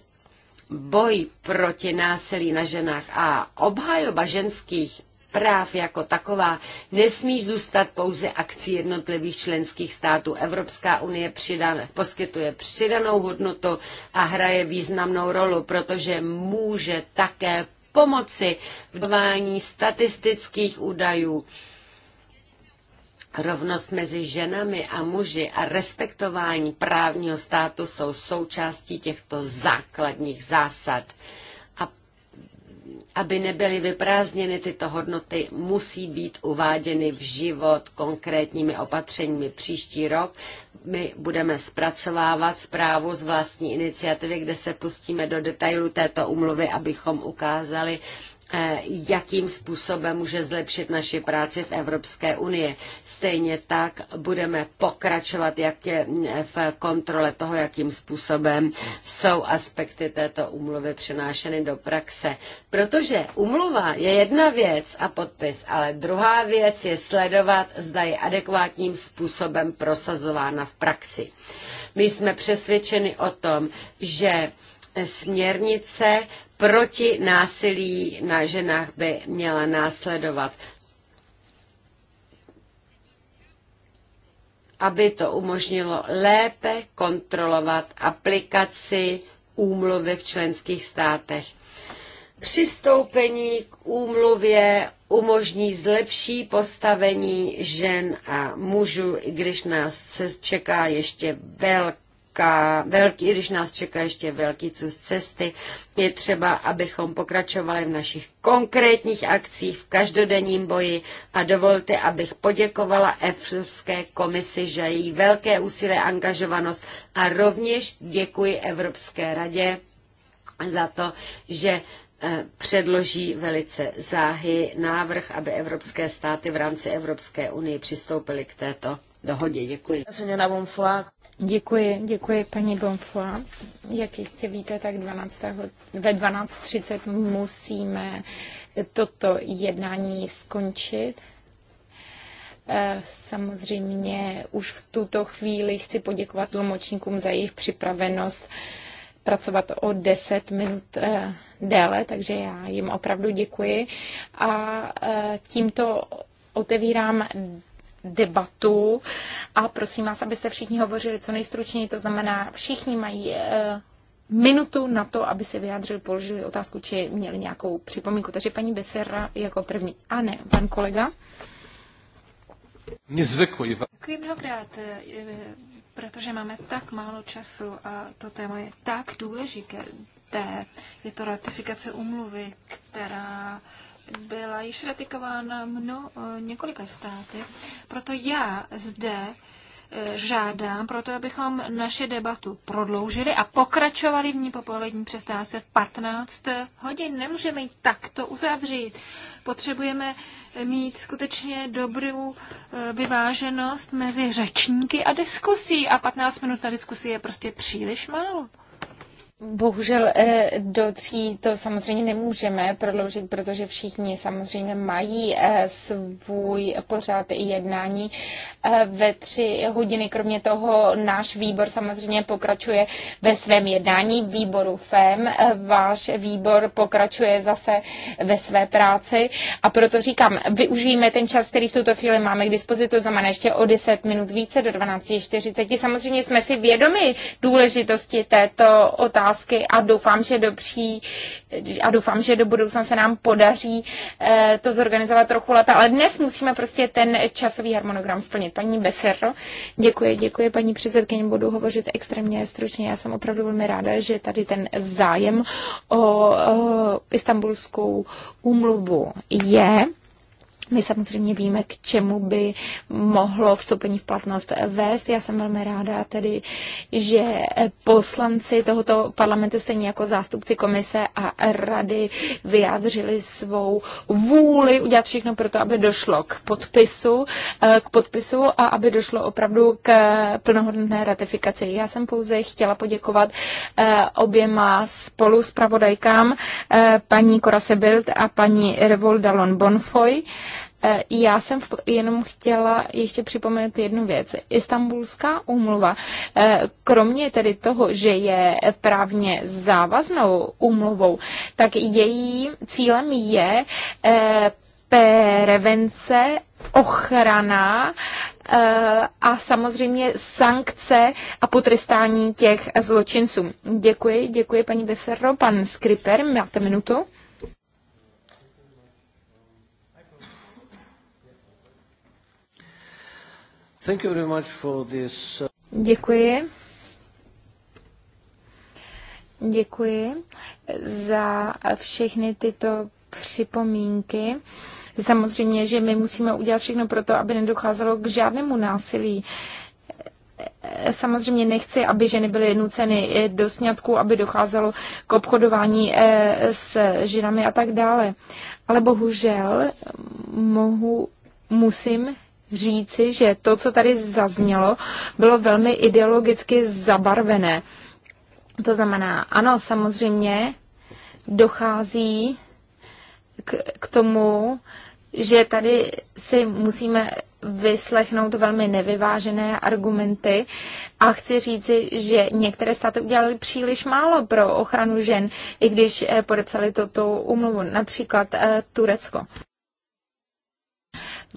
boj proti násilí na ženách a obhajoba ženských práv jako taková nesmí zůstat pouze akcí jednotlivých členských států. Evropská unie přidane, poskytuje přidanou hodnotu a hraje významnou rolu, protože může také pomoci v dování statistických údajů Rovnost mezi ženami a muži a respektování právního státu jsou součástí těchto základních zásad. A aby nebyly vyprázdněny tyto hodnoty, musí být uváděny v život konkrétními opatřeními. Příští rok my budeme zpracovávat zprávu z vlastní iniciativy, kde se pustíme do detailu této umluvy, abychom ukázali, E, jakým způsobem může zlepšit naši práci v Evropské unii. Stejně tak budeme pokračovat jak je e, v kontrole toho, jakým způsobem jsou aspekty této umluvy přenášeny do praxe. Protože umluva je jedna věc a podpis, ale druhá věc je sledovat, zda je adekvátním způsobem prosazována v praxi. My jsme přesvědčeni o tom, že směrnice proti násilí na ženách by měla následovat. aby to umožnilo lépe kontrolovat aplikaci úmluvy v členských státech. Přistoupení k úmluvě umožní zlepší postavení žen a mužů, i když nás čeká ještě velká čeká velký, když nás čeká ještě velký cest cesty, je třeba, abychom pokračovali v našich konkrétních akcích v každodenním boji a dovolte, abych poděkovala Evropské komisi, že její velké úsilí angažovanost a rovněž děkuji Evropské radě za to, že eh, předloží velice záhy návrh, aby evropské státy v rámci Evropské unie přistoupily k této dohodě. Děkuji.
Děkuji, děkuji paní Bonfoy. Jak jistě víte, tak 12. ve 12.30 musíme toto jednání skončit. Eh, samozřejmě už v tuto chvíli chci poděkovat tlumočníkům za jejich připravenost pracovat o 10 minut eh, déle, takže já jim opravdu děkuji. A eh, tímto otevírám debatu a prosím vás, abyste všichni hovořili co nejstručněji, to znamená, všichni mají eh, minutu na to, aby se vyjádřili, položili otázku, či měli nějakou připomínku. Takže paní Becerra jako první. A ne, pan kolega.
Nezvyklý. Děkuji mnohokrát, eh, protože máme tak málo času a to téma je tak důležité. Je to ratifikace umluvy, která byla již ratikována mno, eh, několika státy. Proto já zde eh, žádám, proto abychom naše debatu prodloužili a pokračovali v ní po polední přestávce 15 hodin. Nemůžeme ji takto uzavřít. Potřebujeme mít skutečně dobrou eh, vyváženost mezi řečníky a diskusí a 15 minut na diskusi je prostě příliš málo.
Bohužel eh, do tří to samozřejmě nemůžeme prodloužit, protože všichni samozřejmě mají eh, svůj pořád jednání eh, ve tři hodiny. Kromě toho náš výbor samozřejmě pokračuje ve svém jednání výboru FEM. Váš výbor pokračuje zase ve své práci a proto říkám, využijeme ten čas, který v tuto chvíli máme k dispozici, to znamená ještě o 10 minut více do 12.40. Samozřejmě jsme si vědomi důležitosti této otázky otázky a doufám, že do pří, a doufám, že do budoucna se nám podaří eh, to zorganizovat trochu leta, ale dnes musíme prostě ten časový harmonogram splnit. Paní Beserro, děkuji, děkuji paní předsedkyně, budu hovořit extrémně stručně. Já jsem opravdu velmi ráda, že tady ten zájem o, o istambulskou úmluvu je. My samozřejmě víme, k čemu by mohlo vstoupení v platnost vést. Já jsem velmi ráda tedy, že poslanci tohoto parlamentu, stejně jako zástupci komise a rady, vyjádřili svou vůli udělat všechno pro to, aby došlo k podpisu, eh, k podpisu a aby došlo opravdu k plnohodnotné ratifikaci. Já jsem pouze chtěla poděkovat eh, oběma spolu s eh, paní Korasebild a paní Revoldalon Bonfoy. E, já jsem jenom chtěla ještě připomenout jednu věc. Istanbulská úmluva, e, kromě tedy toho, že je právně závaznou úmluvou, tak jejím cílem je e, prevence, ochrana a samozřejmě sankce a potrestání těch zločinců. Děkuji, děkuji paní Besero. Pan Skriper, máte minutu.
Uh,
Děkuji. Děkuji za všechny tyto připomínky. Samozřejmě, že my musíme udělat všechno pro to, aby nedocházelo k žádnému násilí. Samozřejmě nechci, aby ženy byly nuceny eh, do sňatku, aby docházelo k obchodování eh, s ženami a tak dále. Ale bohužel mohu, musím říci, že to, co tady zaznělo, bylo velmi ideologicky zabarvené. To znamená, ano, samozřejmě dochází k, k tomu, že tady si musíme vyslechnout velmi nevyvážené argumenty a chci říci, že některé státy udělali příliš málo pro ochranu žen, i když eh, podepsali toto umluvu, například eh, Turecko.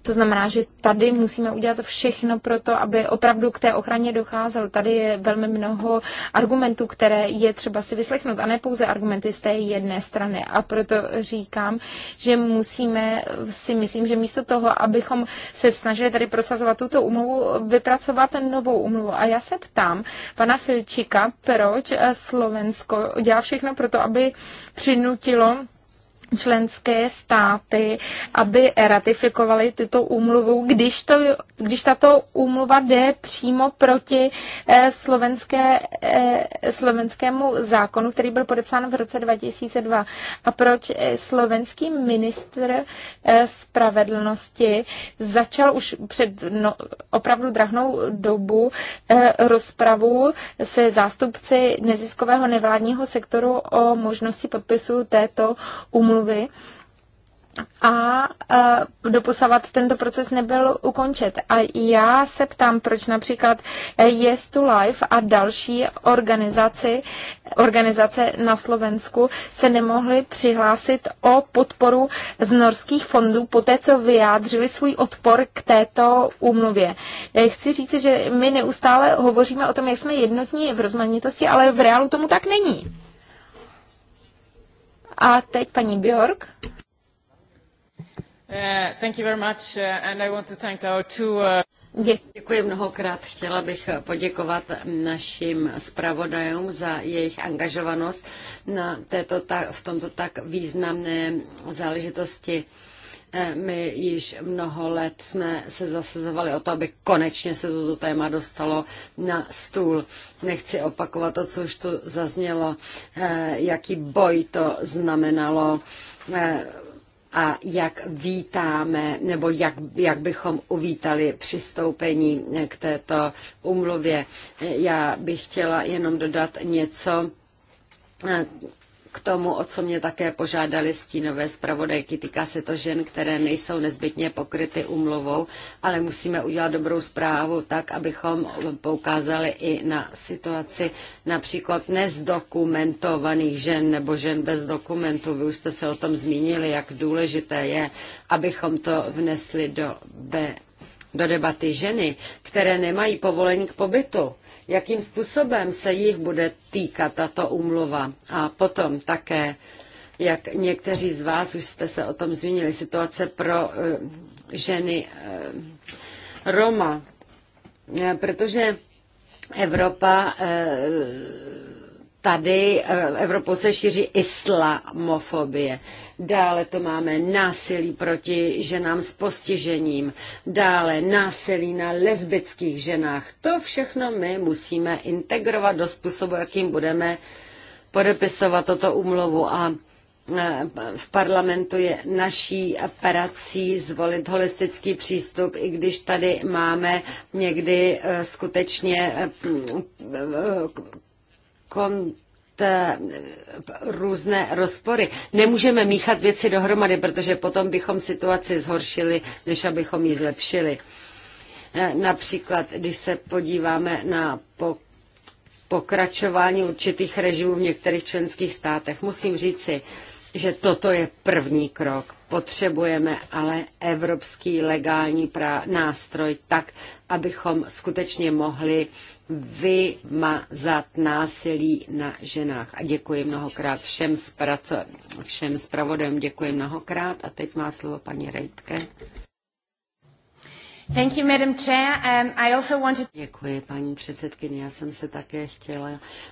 To znamená, že tady musíme udělat všechno pro to, aby opravdu k té ochraně docházel. Tady je velmi mnoho argumentů, které je třeba si vyslechnout a ne pouze argumenty z té jedné strany. A proto říkám, že musíme si myslím, že místo toho, abychom se snažili tady prosazovat tuto umluvu, vypracovat novou umluvu. A já se ptám pana Filčíka, proč Slovensko dělá všechno pro to, aby přinutilo členské státy, aby ratifikovaly tyto úmluvu, když, to, když tato úmluva jde přímo proti eh, slovenské, eh, slovenskému zákonu, který byl podepsán v roce 2002. A proč eh, slovenský ministr spravedlnosti začal už před no, opravdu drahnou dobu rozpravu se zástupci neziskového nevládního sektoru o možnosti podpisu této úmluvy smlouvy a doposavat tento proces nebyl ukončet. A já se ptám, proč například eh, Yes to Life a další organizaci, organizace na Slovensku se nemohly přihlásit o podporu z norských fondů po té, co vyjádřili svůj odpor k této úmluvě. Eh, chci říct, že my neustále hovoříme o tom, jak jsme jednotní v rozmanitosti, ale v reálu tomu tak není. A teď paní Bjork.
Uh,
uh, uh, Děkuji mnohokrát. Chtěla bych poděkovat našim zpravodajům za jejich angažovanost na této, v tomto tak významné záležitosti. Eh, my již mnoho let jsme se zasazovali o to, aby konečně se toto téma dostalo na stůl. Nechci opakovat to, co už tu zaznělo, eh, jaký boj to znamenalo eh, a jak vítáme, nebo jak, jak bychom uvítali přistoupení k této umluvě. Já bych chtěla jenom dodat něco k tomu, o co mě také požádali stínové zpravodajky. Týká se to žen, které nejsou nezbytně pokryty umluvou, ale musíme udělat dobrou zprávu tak, abychom poukázali i na situaci například nezdokumentovaných žen nebo žen bez dokumentů. Vy už jste se o tom zmínili, jak důležité je, abychom to vnesli do B do debaty ženy, které nemají povolení k pobytu, jakým způsobem se jich bude týkat tato úmluva. A potom také, jak někteří z vás už jste se o tom zmínili, situace pro uh, ženy uh, Roma, eh, protože Evropa uh, tady eh, Evropou se šíří islamofobie. Dále to máme násilí proti ženám s postižením. Dále násilí na lesbických ženách. To všechno my musíme integrovat do způsobu, jakým budeme podepisovat toto umluvu a eh, v parlamentu je naší prací zvolit holistický přístup, i když tady máme někdy eh, skutečně kon, různé rozpory. Nemůžeme míchat věci dohromady, protože potom bychom situaci zhoršili, než abychom ji zlepšili. E, například, když se podíváme na pokračování určitých režimů v některých členských státech, musím říci, že toto je první krok. Potřebujeme ale evropský legální nástroj tak, abychom skutečně mohli vymazat násilí na ženách. A děkuji mnohokrát všem, zpraco- všem zpravodajům, děkuji mnohokrát. A teď má slovo paní Rejtke. Thank you, Madam Chair. Um, I also wanted... Děkuji, paní předsedkyně. Já jsem se také chtěla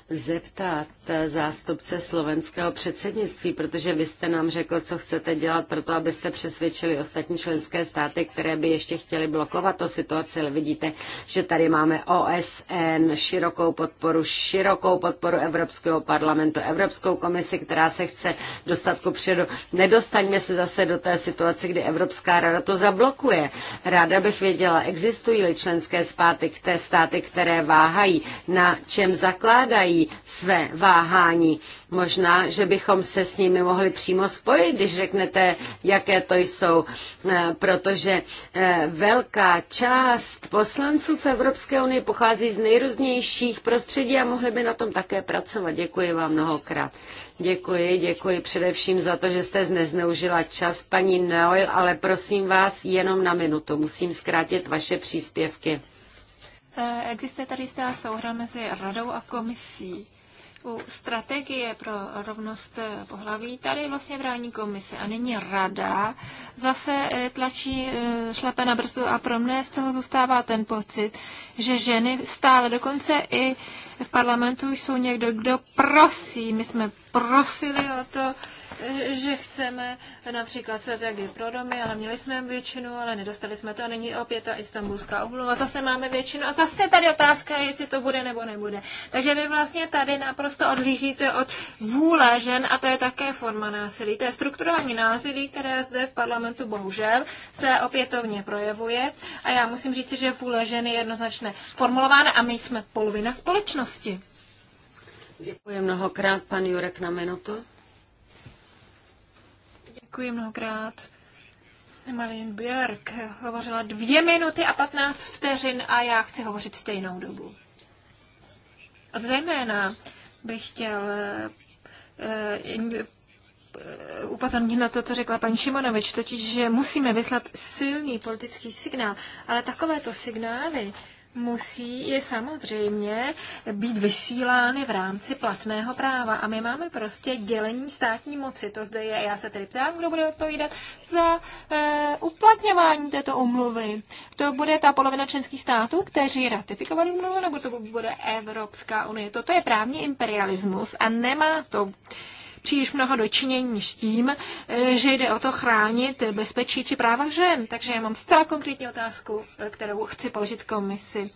zeptat eh, zástupce slovenského předsednictví, protože vy jste nám řekl, co chcete dělat pro to, abyste přesvědčili ostatní členské státy, které by ještě chtěly blokovat to situaci. Ale vidíte, že tady máme OSN, širokou podporu, širokou podporu Evropského parlamentu, Evropskou komisi, která se chce dostat ku předu. Nedostaňme se zase do té situace, kdy Evropská rada to zablokuje. Ráda bych dozvěděla, existují-li členské státy, které státy, které váhají, na čem zakládají své váhání. Možná, že bychom se s nimi mohli přímo spojit, když řeknete, jaké to jsou, eh, protože eh, velká část poslanců v Evropské unii pochází z nejrůznějších prostředí a mohli by na tom také pracovat. Děkuji vám mnohokrát. Děkuji, děkuji především za to, že jste nezneužila čas, paní Noel, ale prosím vás jenom na minutu, musím zkrátit ztratit vaše příspěvky.
Eh, existuje tady jistá souhra mezi radou a komisí. U strategie pro rovnost eh, pohlaví tady vlastně brání komise a nyní rada. Zase eh, tlačí šlape na brzdu a pro mne z toho zůstává ten pocit, že ženy stále dokonce i v parlamentu jsou někdo, kdo prosí. My jsme prosili o to, že chceme například strategii pro domy, ale měli jsme většinu, ale nedostali jsme to a není opět ta istambulská umluva. Zase máme většinu a zase tady otázka, jestli to bude nebo nebude. Takže vy vlastně tady naprosto odlížíte od vůle žen a to je také forma násilí. To je strukturální násilí, které zde v parlamentu bohužel se opětovně projevuje a já musím říct, že vůle žen je jednoznačně formulována a my jsme polovina společnosti.
Děkuji mnohokrát, pan Jurek, na minutu.
Děkuji mnohokrát. Malin Björk hovořila dvě minuty a patnáct vteřin a já chci hovořit stejnou dobu. A zejména bych chtěl eh, eh, upozornit na to, co řekla paní Šimonovič, totiž, že musíme vyslat silný politický signál, ale takovéto signály musí je samozřejmě být vysílány v rámci platného práva. A my máme prostě dělení státní moci. To zde je, já se tedy ptám, kdo bude odpovídat za e, uplatňování této umluvy. To bude ta polovina členských států, kteří ratifikovali umluvu, nebo to bude Evropská unie. Toto je právní imperialismus a nemá to příliš mnoho dočinění s tím, eh, že jde o to chránit bezpečí či práva žen. Takže já mám zcela konkrétní otázku, eh, kterou chci položit komisi.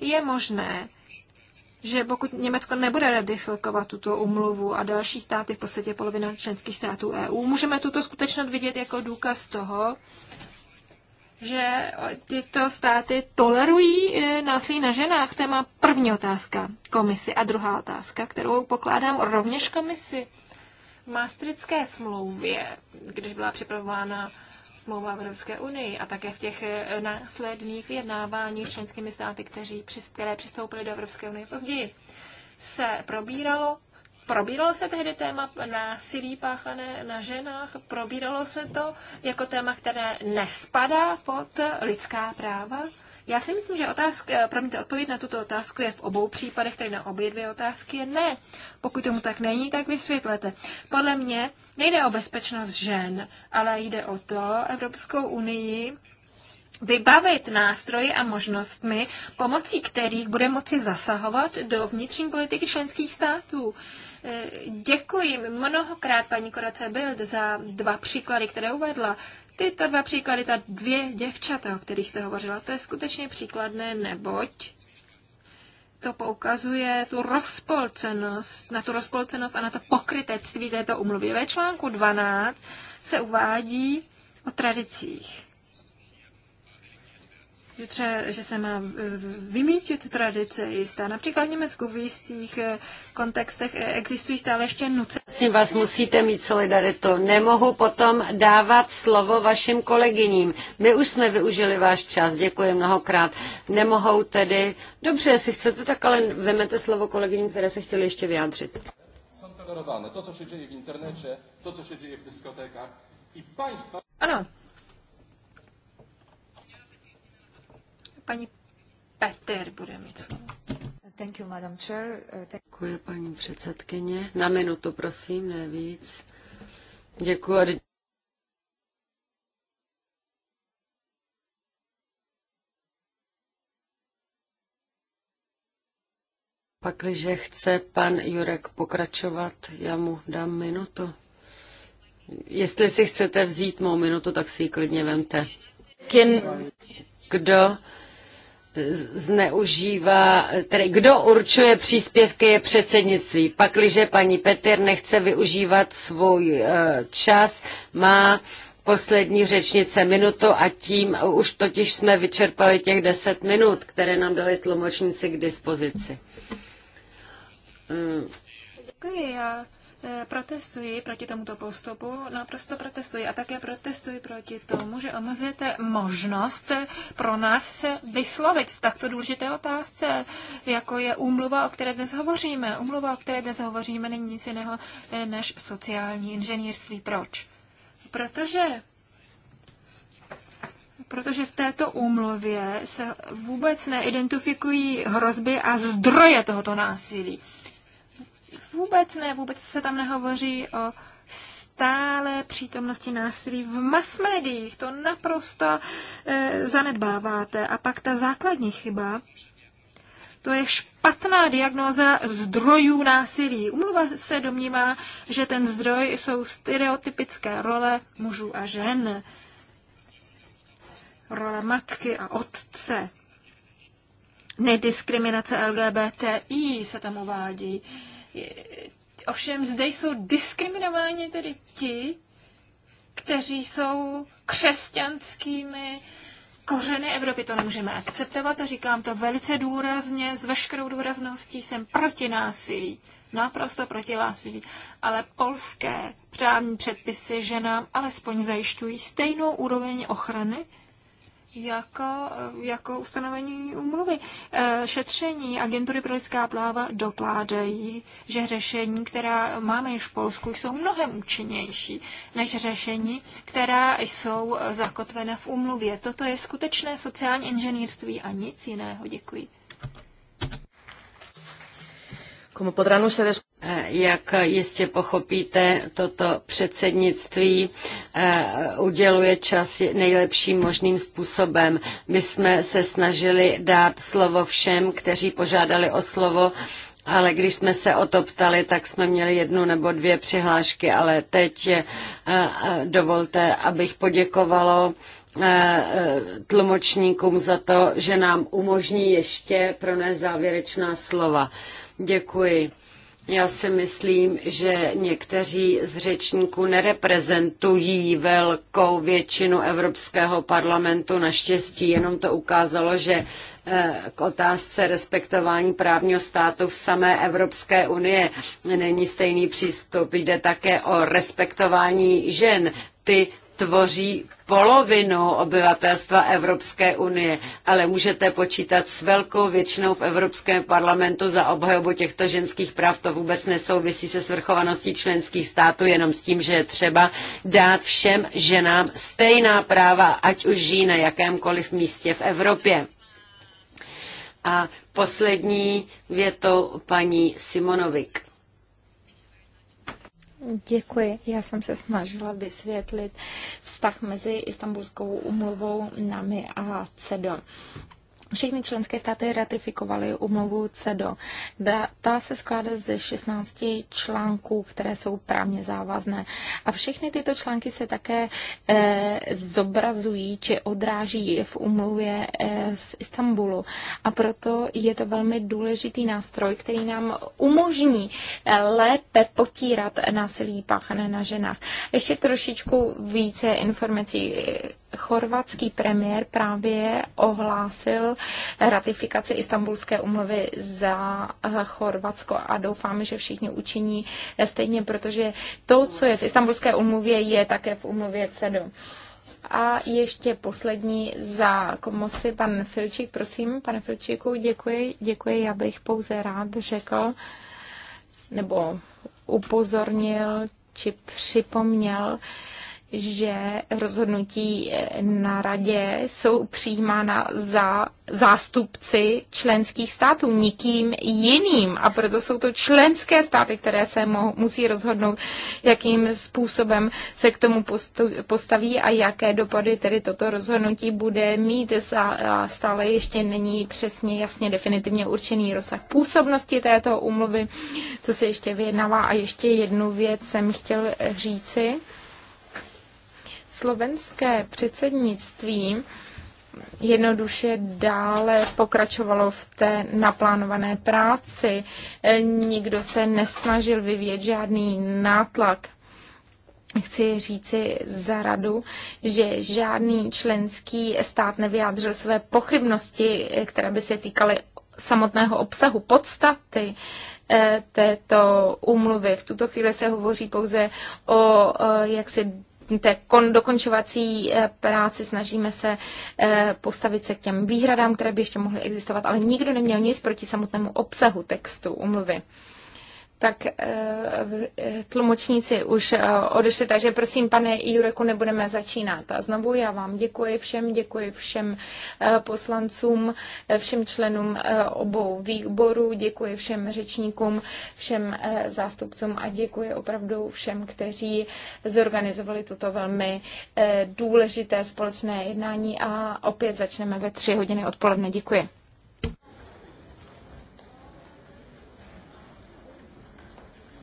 Je možné, že pokud Německo nebude ratifikovat tuto umluvu a další státy, v podstatě polovina členských států EU, můžeme tuto skutečnost vidět jako důkaz toho, že tyto státy tolerují eh, násilí na ženách? To je má první otázka komisi. A druhá otázka, kterou pokládám rovněž komisi. Maastrické smlouvě, když byla připravována smlouva Evropské unii a také v těch eh, následných vyjednáváních členskými státy, kteří, které přistoupily do Evropské unie později, se probíralo Probíralo se tehdy téma násilí páchané na ženách? Probíralo se to jako téma, které nespadá pod lidská práva? Já si myslím, že otázka, eh, promiňte, odpověď na tuto otázku je v obou případech, tedy na obě dvě otázky je ne. Pokud tomu tak není, tak vysvětlete. Podle mě nejde o bezpečnost žen, ale jde o to Evropskou unii vybavit nástroji a možnostmi, pomocí kterých bude moci zasahovat do vnitřní politiky členských států. Eh, děkuji mnohokrát paní Korace Bild za dva příklady, které uvedla. Tyto dva příklady, ta dvě děvčata, o kterých jste hovořila, to je skutečně příkladné, neboť to poukazuje tu rozpolcenost, na tu rozpolcenost a na to pokrytectví této umluvy. Ve článku 12 se uvádí o tradicích že, třeba, že se má eh, vymítit tradice jistá. Například v Německu v jistých eh, kontextech eh, existují stále ještě nuce. Prosím
vás, musíte mít solidaritu. Nemohu potom dávat slovo vašim kolegyním. My už jsme využili váš čas, děkuji mnohokrát. Nemohou tedy... Dobře, jestli chcete, tak ale vemete slovo kolegyním, které se chtěli ještě vyjádřit.
To, co
to, co i państwa... Ano, Paní Peter bude mít slovo. Thank you, Madam Chair. Uh, Děkuji,
paní předsedkyně. Na minutu, prosím, ne víc. Děkuji. Pakliže chce pan Jurek pokračovat, já mu dám minutu. Jestli si chcete vzít mou minutu, tak si ji klidně vemte. Kdo zneužívá, tedy kdo určuje příspěvky je předsednictví. Pakliže paní Petr nechce využívat svůj eh, čas, má poslední řečnice minutu a tím už totiž jsme vyčerpali těch deset minut, které nám dali tlumočníci k dispozici.
Děkuji. Já Eh, protestuji proti tomuto postupu, naprosto protestuji a také protestuji proti tomu, že omezujete možnost pro nás se vyslovit v takto důležité otázce, jako je úmluva, o které dnes hovoříme. Úmluva, o které dnes hovoříme, není nic jiného eh, než sociální inženýrství. Proč? Protože protože v této úmluvě se vůbec neidentifikují hrozby a zdroje tohoto násilí. Vůbec ne, vůbec se tam nehovoří o stále přítomnosti násilí v masmédiích. To naprosto e, zanedbáváte. A pak ta základní chyba, to je špatná diagnóza zdrojů násilí. Umluva se domnívá, že ten zdroj jsou stereotypické role mužů a žen, role matky a otce. Nediskriminace LGBTI se tam uvádí. E, Ovšem zde jsou diskriminováni tedy ti, kteří jsou křesťanskými kořeny Evropy. To nemůžeme akceptovat a říkám to velice důrazně, s veškerou důrazností jsem proti násilí. Naprosto proti násilí. Ale polské právní předpisy ženám alespoň zajišťují stejnou úroveň ochrany jako, jako ustanovení umluvy? E, šetření agentury pro lidská práva dokládají, že řešení, která máme již v Polsku, jsou mnohem účinnější než řešení, která jsou zakotvena v umluvě. Toto je skutečné sociální inženýrství a nic jiného. Děkuji.
Como podrán ustedes... Eh, jak jistě pochopíte, toto předsednictví eh, uděluje čas nejlepším možným způsobem. My jsme se snažili dát slovo všem, kteří požádali o slovo, ale když jsme se o to ptali, tak jsme měli jednu nebo dvě přihlášky, ale teď eh, dovolte, abych poděkovalo tlumočníkům za to, že nám umožní ještě pro nás závěrečná slova. Děkuji. Já si myslím, že někteří z řečníků nereprezentují velkou většinu Evropského parlamentu. Naštěstí jenom to ukázalo, že eh, k otázce respektování právního státu v samé Evropské unie není stejný přístup. Jde také o respektování žen. Ty tvoří polovinu obyvatelstva Evropské unie, ale můžete počítat s velkou většinou v Evropském parlamentu za obhajobu těchto ženských práv. To vůbec nesouvisí se svrchovaností členských států, jenom s tím, že je třeba dát všem ženám stejná práva, ať už žijí na jakémkoliv místě v Evropě. A poslední větou paní Simonovik.
Děkuji. Já jsem se snažila vysvětlit vztah mezi Istanbulskou umluvou, námi a CEDO. Všechny členské státy ratifikovaly umluvu CEDO. Ta se skládá ze 16 článků, které jsou právně závazné. A všechny tyto články se také eh, zobrazují či odráží v umluvě eh, z Istanbulu. A proto je to velmi důležitý nástroj, který nám umožní eh, lépe potírat násilí páchané na ženách. Ještě trošičku více informací eh, chorvatský premiér právě ohlásil ratifikaci Istanbulské umluvy za eh, Chorvatsko a doufáme, že všichni učiní eh, stejně, protože to, co je v Istanbulské umluvě, je také v umluvě CEDO. A ještě poslední za komosy, pan Filčík, prosím, pane Filčíku, děkuji, děkuji, já bych pouze rád řekl, nebo upozornil, či připomněl, že rozhodnutí eh, na radě jsou přijímána za zástupci členských států, nikým jiným. A proto jsou to členské státy, které se mo- musí rozhodnout, jakým způsobem se k tomu postaví a jaké dopady tedy toto rozhodnutí bude mít. A stále ještě není přesně jasně definitivně určený rozsah působnosti této úmluvy, to se ještě vyjednává. A ještě jednu věc jsem chtěl eh, říci slovenské předsednictví jednoduše dále pokračovalo v té naplánované práci. E, nikdo se nesnažil vyvíjet žádný nátlak. Chci říci za radu, že žádný členský stát nevyjádřil své pochybnosti, e, které by se týkaly samotného obsahu, podstaty e, této úmluvy. V tuto chvíli se hovoří pouze o jaksi té kon, dokončovací eh, práci, snažíme se eh, postavit se k těm výhradám, které by ještě mohly existovat, ale nikdo neměl nic proti samotnému obsahu textu umluvy tak eh, eh, tlumočníci už eh, odešli, takže prosím, pane Jureku, nebudeme začínat. A znovu já vám děkuji všem, děkuji všem poslancům, všem členům obou výborů, děkuji všem řečníkům, všem zástupcům a děkuji opravdu všem, kteří zorganizovali tuto velmi důležité společné jednání a opět začneme ve tři hodiny odpoledne. Děkuji.